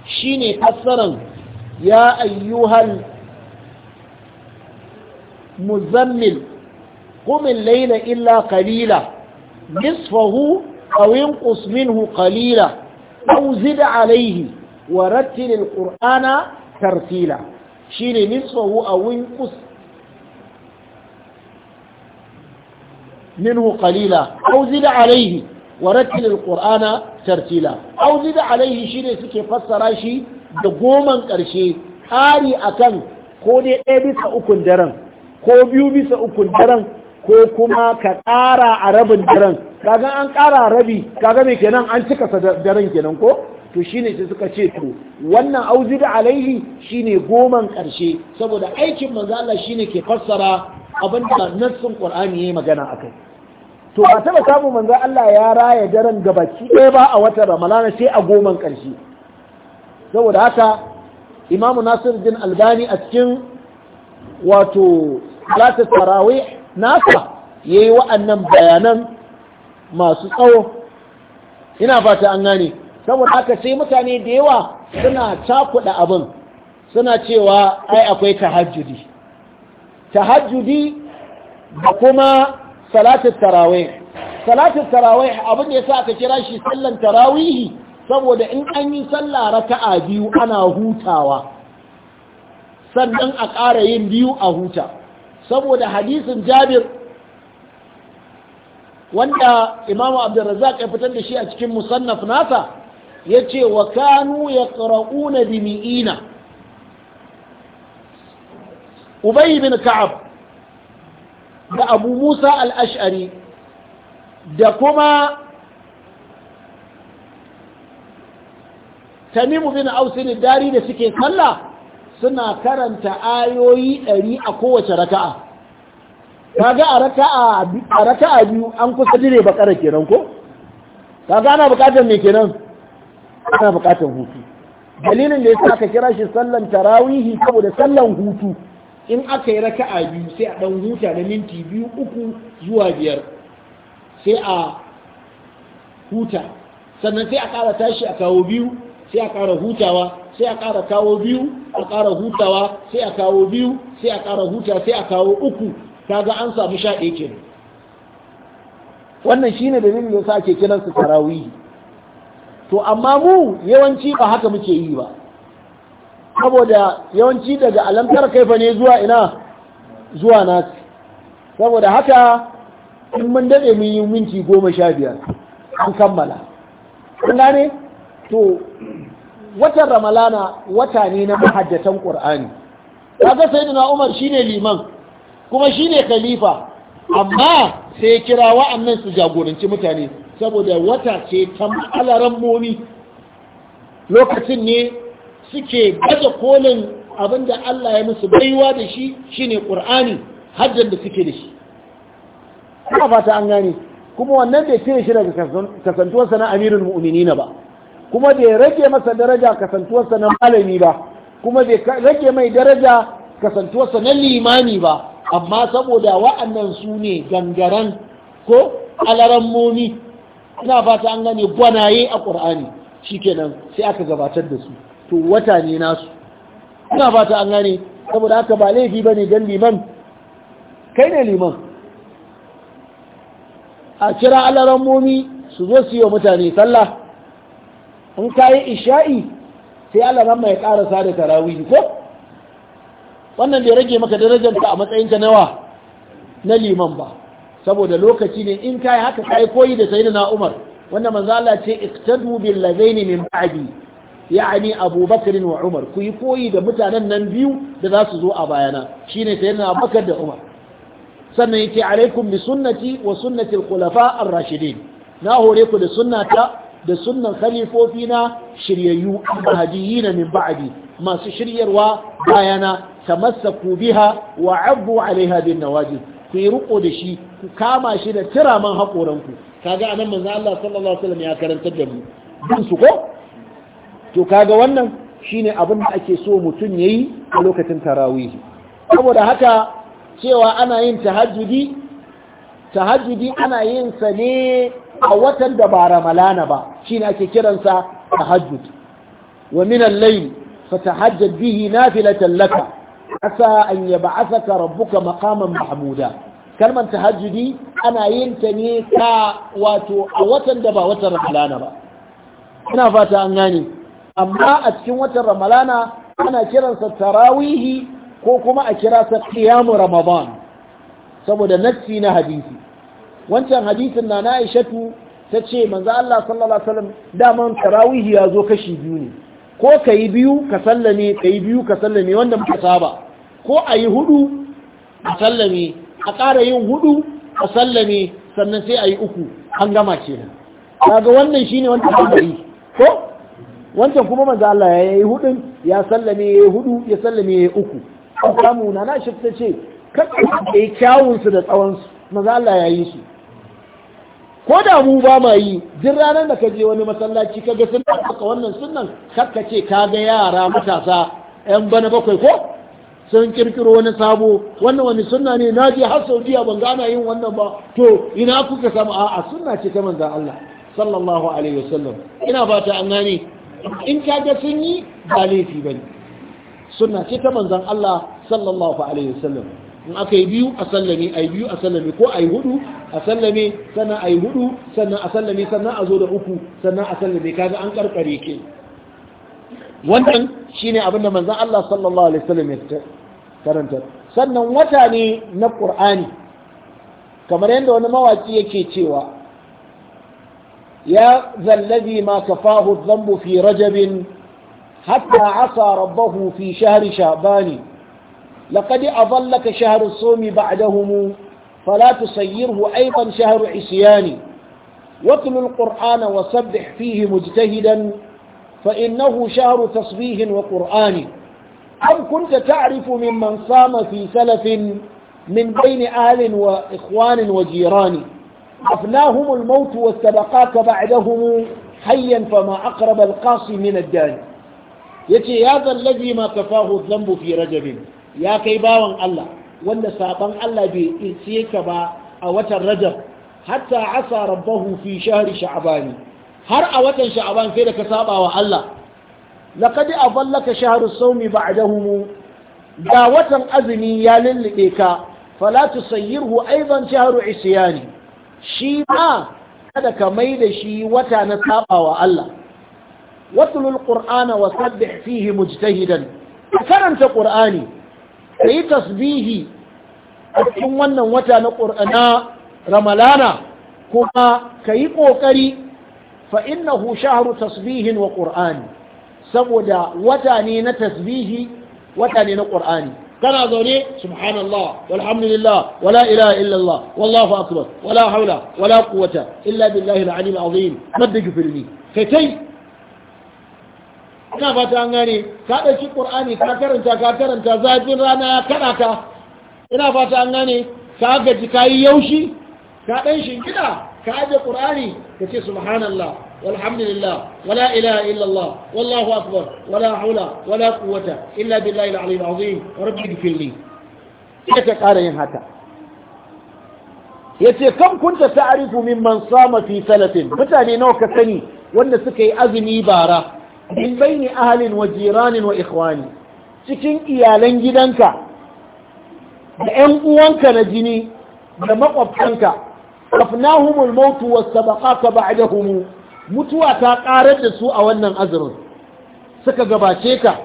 shine fassaran يا أيها المزمل قم الليل إلا قليلا نصفه أو ينقص منه قليلا أو زد عليه ورتل القرآن ترتيلا شيل نصفه أو ينقص منه قليلا أو زد عليه wa rattilil qur'ana tartila aw zid alaihi shine suke fassara shi da goman karshe ƙari akan ko dai ɗaya bisa ukun daren ko biyu bisa ukun daren ko kuma ka ƙara a rabin daren kaga an ƙara rabi kaga mai kenan an cika sa daren kenan ko to shine sai suka ce to wannan auzida alaihi shine goman karshe saboda aikin manzo Allah shine ke fassara abinda nassin Qur'ani yayi magana akai to ba taba samu manzo Allah ya raya daren gabaci ɗaya ba a watan Ramadana sai a goman ƙarshe saboda haka Imam Nasiruddin Albani a cikin wato salatul tarawih nasa yayi wa'annan bayanan masu tsawo ina fata an gane saboda haka sai mutane da yawa suna cakuɗa abin suna cewa ai akwai tahajjudi tahajjudi da kuma salatul tarawih salatul tarawih abin da yasa aka kira shi sallan tarawihi saboda in an yi sallah raka'a biyu ana hutawa sannan a ƙara yin biyu a huta saboda hadisin Jabir wanda Imam Abdurrazzaq ya fitar da shi a cikin musannaf nasa yace wa kanu yaqra'una bi mi'ina Ubay bin Ka'ab da abu musa al'ash'ari da kuma tamimu bin ausini dari da suke kalla, suna karanta ayoyi ɗari a kowace raka'a kaga a raka'a biyu an kusa dire bakarar kenan ko kaga ana bukatar me kenan ana bukatar hutu dalilin da ya sa ka kira shi sallan tarawihi saboda sallan hutu in aka yi raka'a biyu sai a ɗan huta da minti biyu uku zuwa biyar sai a huta sannan sai a ƙara tashi a kawo biyu sai a ƙara hutawa sai a ƙara kawo biyu a ƙara hutawa sai a kawo biyu sai a ƙara huta sai a kawo uku kaga an samu sha ɗaya wannan shine dalilin da sa ake kiransu tarawi to amma mu yawanci ba haka muke yi ba saboda yawanci daga alamtar kaifa ne zuwa ina zuwa nasi saboda haka in mun daɗe mun yi minti goma sha biyar an kammala kun gane to watan ramalana wata ne na mahajjatan ƙur'ani kaga sayyidina umar shine liman kuma shine khalifa amma sai kira wa'annan su jagoranci mutane saboda wata ce ta alaran moni lokacin ne suke gaza kolin abinda Allah ya musu baiwa da shi shine Qur'ani hajjar da suke da shi kuma fata an gane kuma wannan da ke shi daga kasantuwarsa na amirul mu'minina ba kuma bai rage masa daraja kasantuwarsa na malami ba kuma bai rage mai daraja kasantuwarsa na limani ba amma saboda wa'annan su ne gangaran ko momi ina fata an gane gwanaye a ƙur'ani shikenan sai aka gabatar da su to wata ne nasu ina fata an gane saboda haka ba laifi bane dan liman kai ne liman a kira alaran momi su zo su yi wa mutane sallah in ka yi isha'i sai alaran mai karasa da tarawihi ko wannan bai rage maka darajarta a matsayinka nawa na liman ba saboda lokaci ne in kayi haka kai koyi da na Umar wanda manzala Allah ce iktadu bil ladaini min ba'di ya'ani Abu wa Umar ku yi koyi da mutanen nan biyu da za su zo a bayana shine sayyidina Abu Bakr da Umar sannan yace alaikum bi sunnati wa sunnati al-khulafa ar na hore ku da sunnata da sunnan khalifofi na shiryayyu mahdiyin na ba'di masu shiryarwa bayana tamassaku biha wa abu alaiha bin nawajib ku yi riko da shi ku kama shi da tiraman hakoranku kaga anan manzo Allah sallallahu ya karantar da mu bin su ko to kaga wannan shine abin da ake so mutum yayi a lokacin tarawih saboda haka cewa ana yin tahajjudi tahajjudi ana yin sa ne a watan da ba ramalana ba shine ake kiransa tahajjud wa min al-layl fatahajjad bihi nafilatan laka asa an yab'athaka rabbuka maqaman mahmuda kalmar tahajjudi ana yin ta ne ka wato a watan da ba watan ramalana ba ina fata an gane amma a cikin watan ramalana ana kiransa tarawihi ko kuma a kira sa qiyamu ramadan saboda nassi na hadisi wancan hadisin na na aishatu ta ce manzo Allah sallallahu alaihi wasallam daman tarawihi ya zo kashi biyu ne ko kai biyu ka sallame kai biyu ka sallame wanda muka saba ko ayi hudu ka sallame a ƙara yin hudu ka sallame sannan sai ayi uku an gama kenan kaga wannan shine wanda ba yi ko wancan kuma manzo Allah ya yi hudun ya sallame ya yi hudu ya sallame ya yi uku an samu na na shi ta ce kakka da kyawun su da tsawon su manzo Allah ya yi su ko da mu ba ma yi jin ranar da ka je wani masallaci kaga sun ɗaukaka wannan sunnan kakka ce ka ga yara matasa yan bana bakwai ko sun kirkiro wani sabo wannan wani sunna ne na je har sau biya ban gana yin wannan ba to ina kuka samu a'a sunna ce ta manzo Allah sallallahu alaihi wasallam ina fata an gane in kaga sun yi ba laifi ba ne suna ce ta manzan Allah sallallahu alaihi wasallam in aka yi biyu a sallame a yi biyu a sallame ko a yi hudu a sallame sannan a yi hudu sannan a sallame sannan a zo da uku sannan a sallame kaga an karkare ke wannan shine abin da manzan Allah sallallahu alaihi wasallam ya karanta sannan wata ne na Qur'ani kamar yadda wani mawaki yake cewa يا ذا الذي ما كفاه الذنب في رجب حتى عصى ربه في شهر شعبان لقد أظلك شهر الصوم بعدهم فلا تسيره أيضا شهر عصيان واتل القرآن وسبح فيه مجتهدا فإنه شهر تصبيه وقرآن أم كنت تعرف ممن صام في سلف من بين أهل وإخوان وجيران أفناهم الموت واستبقاك بعدهم حيا فما أقرب القاصي من الداني يتي هذا الذي ما كفاه الذنب في رجب يا كيباوان الله ولا سابان الله بإنسيك با أوتا الرجب حتى عسى ربه في شهر شعبان هر أوتا شعبان كيدا كسابا والله لقد أظلك شهر الصوم بعدهم دا وطن أذني يا للئك فلا تسيره أيضا شهر عصياني shi ma kada ka mai da shi wata na sabawa Allah watulul qur'ana wa sabbih fihi mujtahidan karanta qur'ani kai tasbihi a cikin wannan wata na qur'ana ramalana kuma kai kokari fa innahu shahru tasbihin wa qur'ani saboda wata ne na tasbihi wata ne na qur'ani kana zaune subhanallah walhamdulillah wala ilaha illallah wallahu akbar wala haula wala quwwata illa billahi al-ali al-azim madda kai kai ina fata an gane ka dauki qur'ani ka karanta ka karanta zafin rana ya kada ka ina fata an gane ka gaji kai yaushi ka dan shingida ka aje qur'ani kace subhanallah والحمد لله ولا إله إلا الله والله أكبر ولا حول ولا قوة إلا بالله العلي العظيم رب اغفر لي ita ƙara yin haka ya ce kan kunta ta'arifu mimman sama fi salatin, mutane nawa ka sani wanda suka yi azumi bara in baini ahalin wa jiranin wa ikhwani cikin iyalan gidanka da ƴan uwanka na jini da makwabtanka kafnahumul mautu was sabaqaka ba'dahum mutuwa ta ƙarar da su a wannan azumin suka gabace ka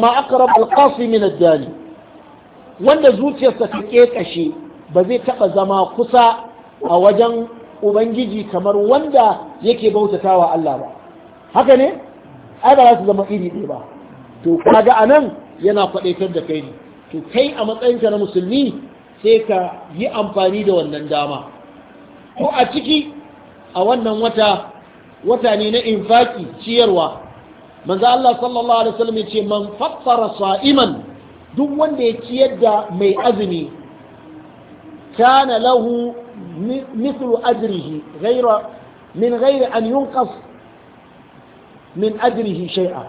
ba aka rabar alqasi min dani wanda zuciyarsa ta ƙeƙashe ba zai taɓa zama kusa a wajen ubangiji kamar wanda yake bautatawa Allah ba haka ne ai ba za su zama iri ɗaya ba to kaga nan yana faɗaitar da kai ne to kai a matsayinka na musulmi sai ka yi amfani da wannan dama ko a ciki a wannan wata wata ne na infaki ciyarwa manzo Allah sallallahu alaihi wasallam yace man fattara sa'iman duk wanda ya ciyar da mai azumi kana lahu mithlu ajrihi ghayra min ghayri an yunqas min ajrihi shay'a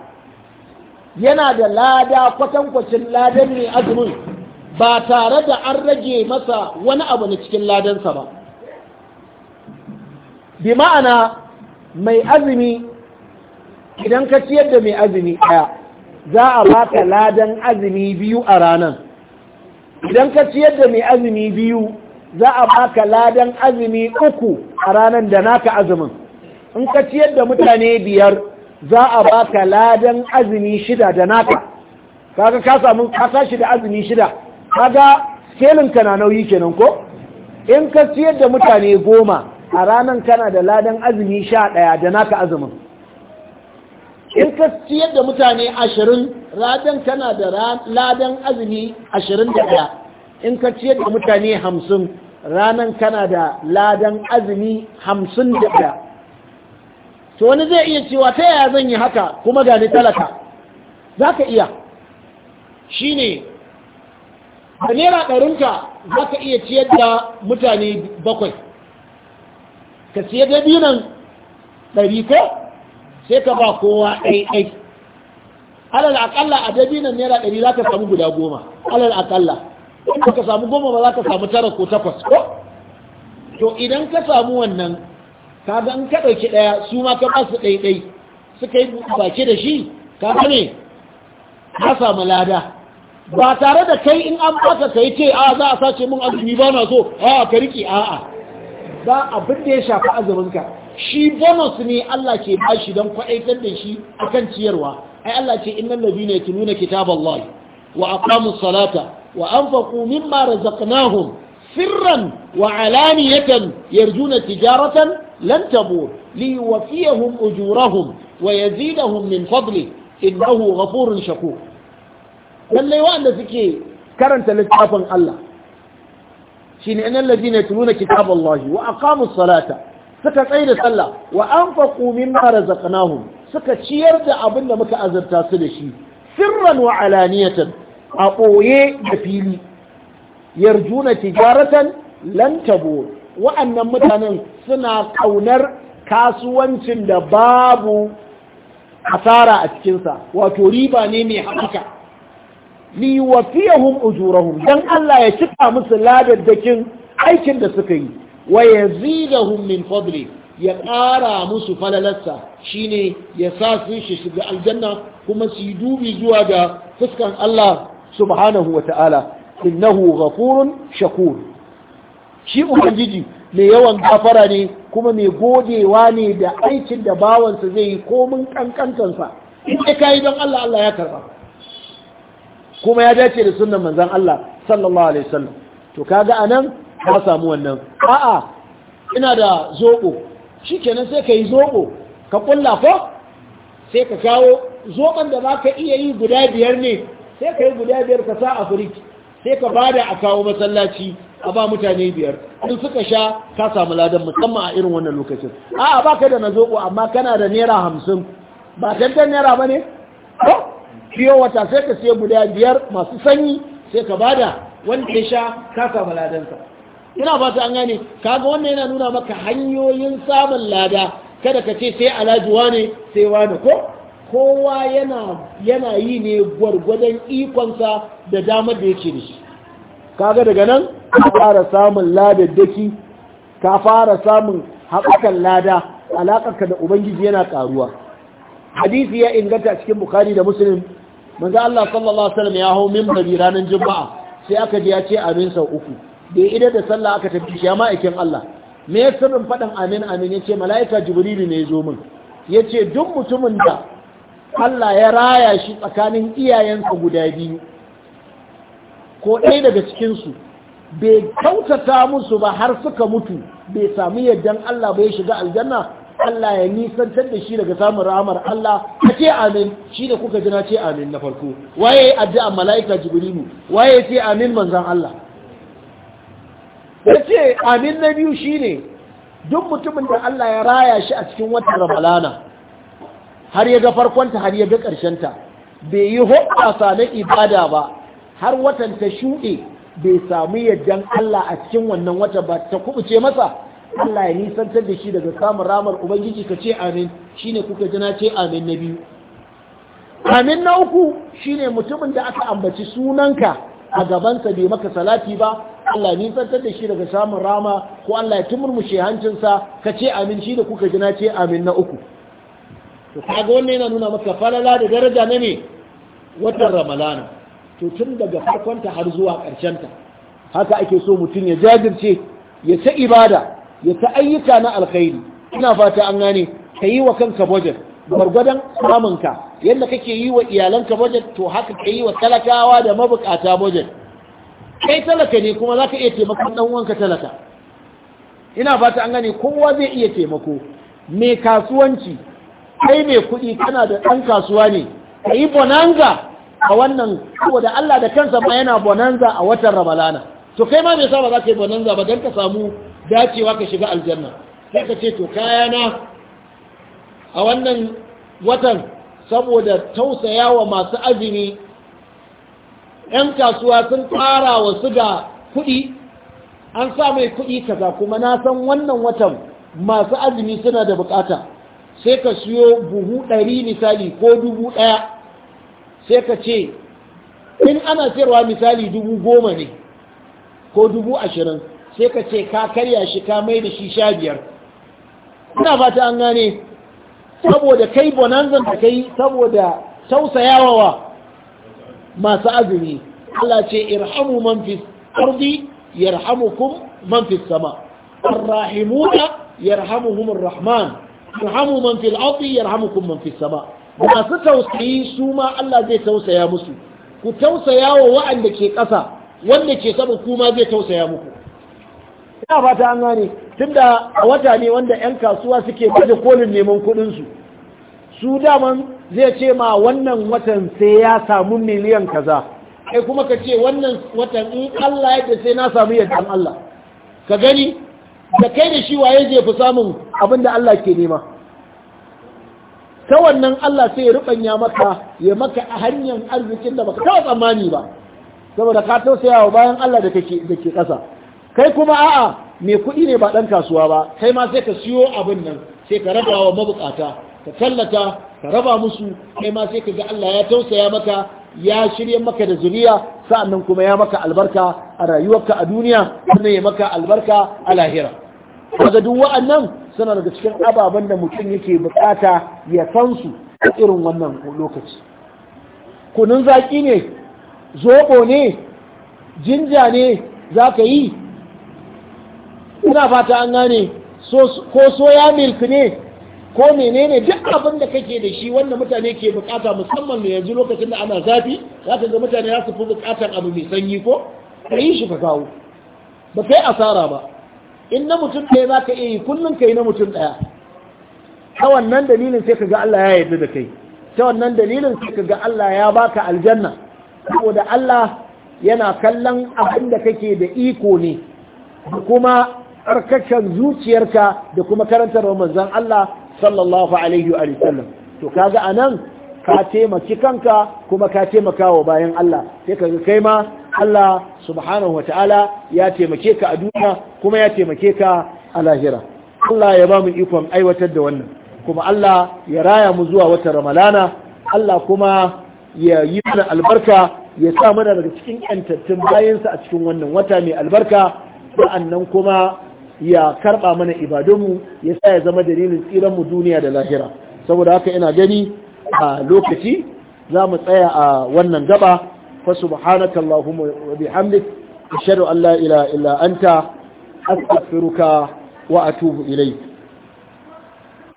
yana da lada kwatankwacin ladan mai azumin ba tare da an rage masa wani abu na cikin ladansa ba bi ma'ana mai azumi idan ka ciyar da mai azumi ɗaya za a baka ladan azumi biyu a ranar idan ka ciyar da mai azumi biyu za a baka ladan azumi uku a ranar da naka azumin in ka ciyar da mutane biyar za a baka ladan azumi shida da naka kaga ka samu kasa shida azumi shida kaga kelin ka na nauyi kenan ko in ka ciyar da mutane goma a ranan kana da ladan azumi sha ɗaya da naka azumin in ka ciyar da mutane ashirin ladan kana da ladan azumi ashirin da ɗaya in ka ciyar da mutane hamsin ranan kana da ladan azumi hamsin da ɗaya to wani zai iya cewa ta yaya zan yi haka kuma ga ni talaka za ka iya shi ne da naira ɗarinka za ka iya ciyar da mutane bakwai ka siya dabinan ɗari ko sai ka ba kowa ɗai-ɗai. alal akalla a dabinan naira ɗari za ka samu guda goma alal akalla in ka samu goma ba za ka samu tara ko takwas ko to idan ka samu wannan ka ga in ka ɗauki ɗaya su ma ka ba su ɗai suka yi baki da shi ka gane ka samu lada ba tare da kai in an ka kai ce a za a sace min azumi ba na so a ka riƙe a'a ba abin da ya shafi azuminka shi bonus ne Allah ke bashi don kwaɗaitar da shi a kan ciyarwa ai Allah ce innal ladina yatluna kitaballahi wa aqamus salata wa anfaqu mimma razaqnahum sirran wa alaniyatan yarjuna tijaratan lan tabur liwafiyahum ujurahum wa yazidahum min fadli innahu ghafurun shakur lallai wa'anda suke karanta littafin Allah shine annal ladina yatluna kitaballahi wa aqamus salata suka tsaida da sallah wa anfaqu mimma razaqnahum suka ciyar da abin da muka azurta su da shi sirran wa alaniyatan a ɓoye da fili yarjuna tijaratan lan tabur wa'annan mutanen suna kaunar kasuwancin da babu asara a cikinsa wato riba ne mai haɓaka li wafiyahum ujurahum dan Allah ya cika musu ladaddakin aikin da suka yi wa yazidahum min fadli ya ƙara musu falalarsa shine ya sa su shi shiga aljanna kuma su yi dubi zuwa ga fuskan Allah subhanahu wa ta'ala innahu ghafurun shakur shi ubangiji mai yawan gafara ne kuma mai godewa ne da aikin da bawansa zai yi komin kankantansa in ka yi don Allah Allah ya karba kuma ya dace da sunnan manzan Allah sallallahu alaihi wasallam to kaga anan ka samu wannan a'a ina da zobo shikenan sai ka yi zobo ka kulla ko sai ka kawo zoban da zaka iya yi guda biyar ne sai ka yi guda biyar ka sa a firiki sai ka bada a kawo masallaci a ba mutane biyar in suka sha ka samu ladan musamman a irin wannan lokacin a'a baka da na zobo amma kana da naira hamsin ba tantan naira ba ne? fiye wata sai ka siya guda biyar masu sanyi sai ka bada wanda ya sha kasa samu ladansa ina ba ta an gane kaga wannan yana nuna maka hanyoyin samun lada kada ka ce sai alajuwa wane sai wane ko kowa yana yana yi ne gwargwadon ikonsa da damar da yake da shi kaga daga nan ka fara samun ladaddaki ka fara samun haɓakan lada alaƙarka da ubangiji yana ƙaruwa hadisi ya inganta cikin bukari da musulun. manzo Allah sallallahu alaihi wasallam ya hau minbari ranar juma'a sai aka ji ya ce amin sau uku da idan da sallah aka tafi shi amma ikin Allah me ya sirrin faɗin amin amin yace malaika jibrilu ne zo min yace duk mutumin da Allah ya raya shi tsakanin iyayensa guda biyu ko ɗaya daga cikin su bai kautata musu ba har suka mutu bai samu yaddan Allah ba ya shiga aljanna Allah ya nisantar da shi daga samun ra'amar Allah ka ce amin shi da kuka jina ce amin na farko waye addu'a mala'ika jibrilu waye ce amin manzon Allah ce amin na biyu shine duk mutumin da Allah ya raya shi a cikin watan Ramalana har ya ga farkonta har ya ga karshen ta bai yi hoɓasa na ibada ba har watan ta shuɗe bai samu yaddan Allah a cikin wannan wata ba ta kubuce masa Allah ya nisantar da shi daga samun ramar ubangiji ka ce amin Shi ne kuka ji na ce amin na biyu amin na uku shi ne mutumin da aka ambaci sunanka a gabansa bai maka salati ba Allah ya nisantar da shi daga samun rama ko Allah ya tumurmushe hancinsa ka ce amin shi da kuka ji na ce amin na uku to kaga wannan yana nuna maka falala da daraja na ne watan ramalana to tun daga farkonta har zuwa ƙarshenta haka ake so mutum ya jajirce ya ta ibada ya ta ayyuka na alkhairi ina fata an gane ka yi wa kanka budget gwargwadon samunka yadda kake yi wa iyalanka budget to haka ka yi wa talakawa da mabukata budget kai talaka ne kuma za ka iya taimakon ɗan wanka talaka ina fata an gane kowa zai iya taimako Me kasuwanci kai mai kuɗi kana da ɗan kasuwa ne ka yi bonanza a wannan saboda Allah da kansa ma yana bonanza a watan ramadana to kai ma me yasa ba za ka yi bonanza ba dan ka samu dacewa ka shiga aljanna sai ka ce to kayana a wannan watan saboda tausaya wa masu azumi 'yan kasuwa sun fara wa su da kuɗi an sa mai kuɗi kaza kuma na san wannan watan masu azumi suna da bukata sai ka siyo buhu ɗari misali ko dubu ɗaya sai ka ce in ana sayarwa misali dubu goma ne ko dubu ashirin sai ka ce ka karya shi ka mai da shi sha biyar ina fata an gane saboda kai bonanzan da kai saboda tausayawa masu azumi Allah ce irhamu man fi ardi yarhamukum man fi sama arrahimuna yarhamuhumur rahman irhamu man fi ardi yarhamukum man fi sama masu tausayi su ma Allah zai tausaya musu ku tausayawa wa wa'anda ke ƙasa wanda ke sama kuma zai tausaya muku ina fata an gane da a wata ne wanda 'yan kasuwa suke bada kolin neman kuɗinsu su daman zai ce ma wannan watan sai ya samu miliyan kaza kai kuma ka ce wannan watan in Allah yadda sai na samu yadda Allah ka gani da kai da shi waye zai fi samun abin da Allah ke nema ta wannan Allah sai ya rubanya maka ya maka a hanyar arzikin da baka taɓa tsammani ba saboda ka tausaya wa bayan Allah da ke ƙasa kai kuma a'a mai kuɗi ne ba ɗan kasuwa ba kai ma sai ka siyo abin nan sai ka raba wa mabukata ka tallata ka raba musu kai ma sai ka ga Allah ya tausaya maka ya shirye maka da zuriya sa'annan kuma ya maka albarka a rayuwarka a duniya sannan ya maka albarka a lahira daga duk wa'annan suna daga cikin ababen da mutum yake bukata ya san su a irin wannan lokaci kunun zaki ne Zoɓo ne jinja ne za ka yi ina fata an gane ko soya milk ne ko menene duk abin da kake da shi wanda mutane ke bukata musamman da yanzu lokacin da ana zafi za ka ga mutane za su fi bukatar abu mai sanyi ko ka yi shi ka kawo ba kai asara ba in na mutum ɗaya za ka iya yi kullum kai na mutum ɗaya ta wannan dalilin sai ka ga Allah ya yarda da kai ta wannan dalilin sai ka ga Allah ya baka aljanna saboda Allah yana kallon abin da kake da iko ne kuma tsarkakan zuciyarka da kuma karantarwa manzan Allah sallallahu alaihi wa sallam to kaga anan ka taimaki kanka kuma ka taimaka wa bayan Allah sai ka ga kai ma Allah subhanahu wa ta'ala ya taimake ka a duniya kuma ya taimake ka a lahira Allah ya ba mu ikon aiwatar da wannan kuma Allah ya raya mu zuwa wata Ramalana Allah kuma ya yi mana albarka ya sa mana daga cikin yantattun bayansa a cikin wannan wata mai albarka sa'annan kuma ya karba mana ibadunmu ya sa ya zama dalilin tsiranmu duniya da lahira saboda haka ina gani a lokaci za mu tsaya a wannan gaba fa subhanaka allahumma wa bihamdik ashhadu an la ilaha illa anta astaghfiruka wa atubu ilayk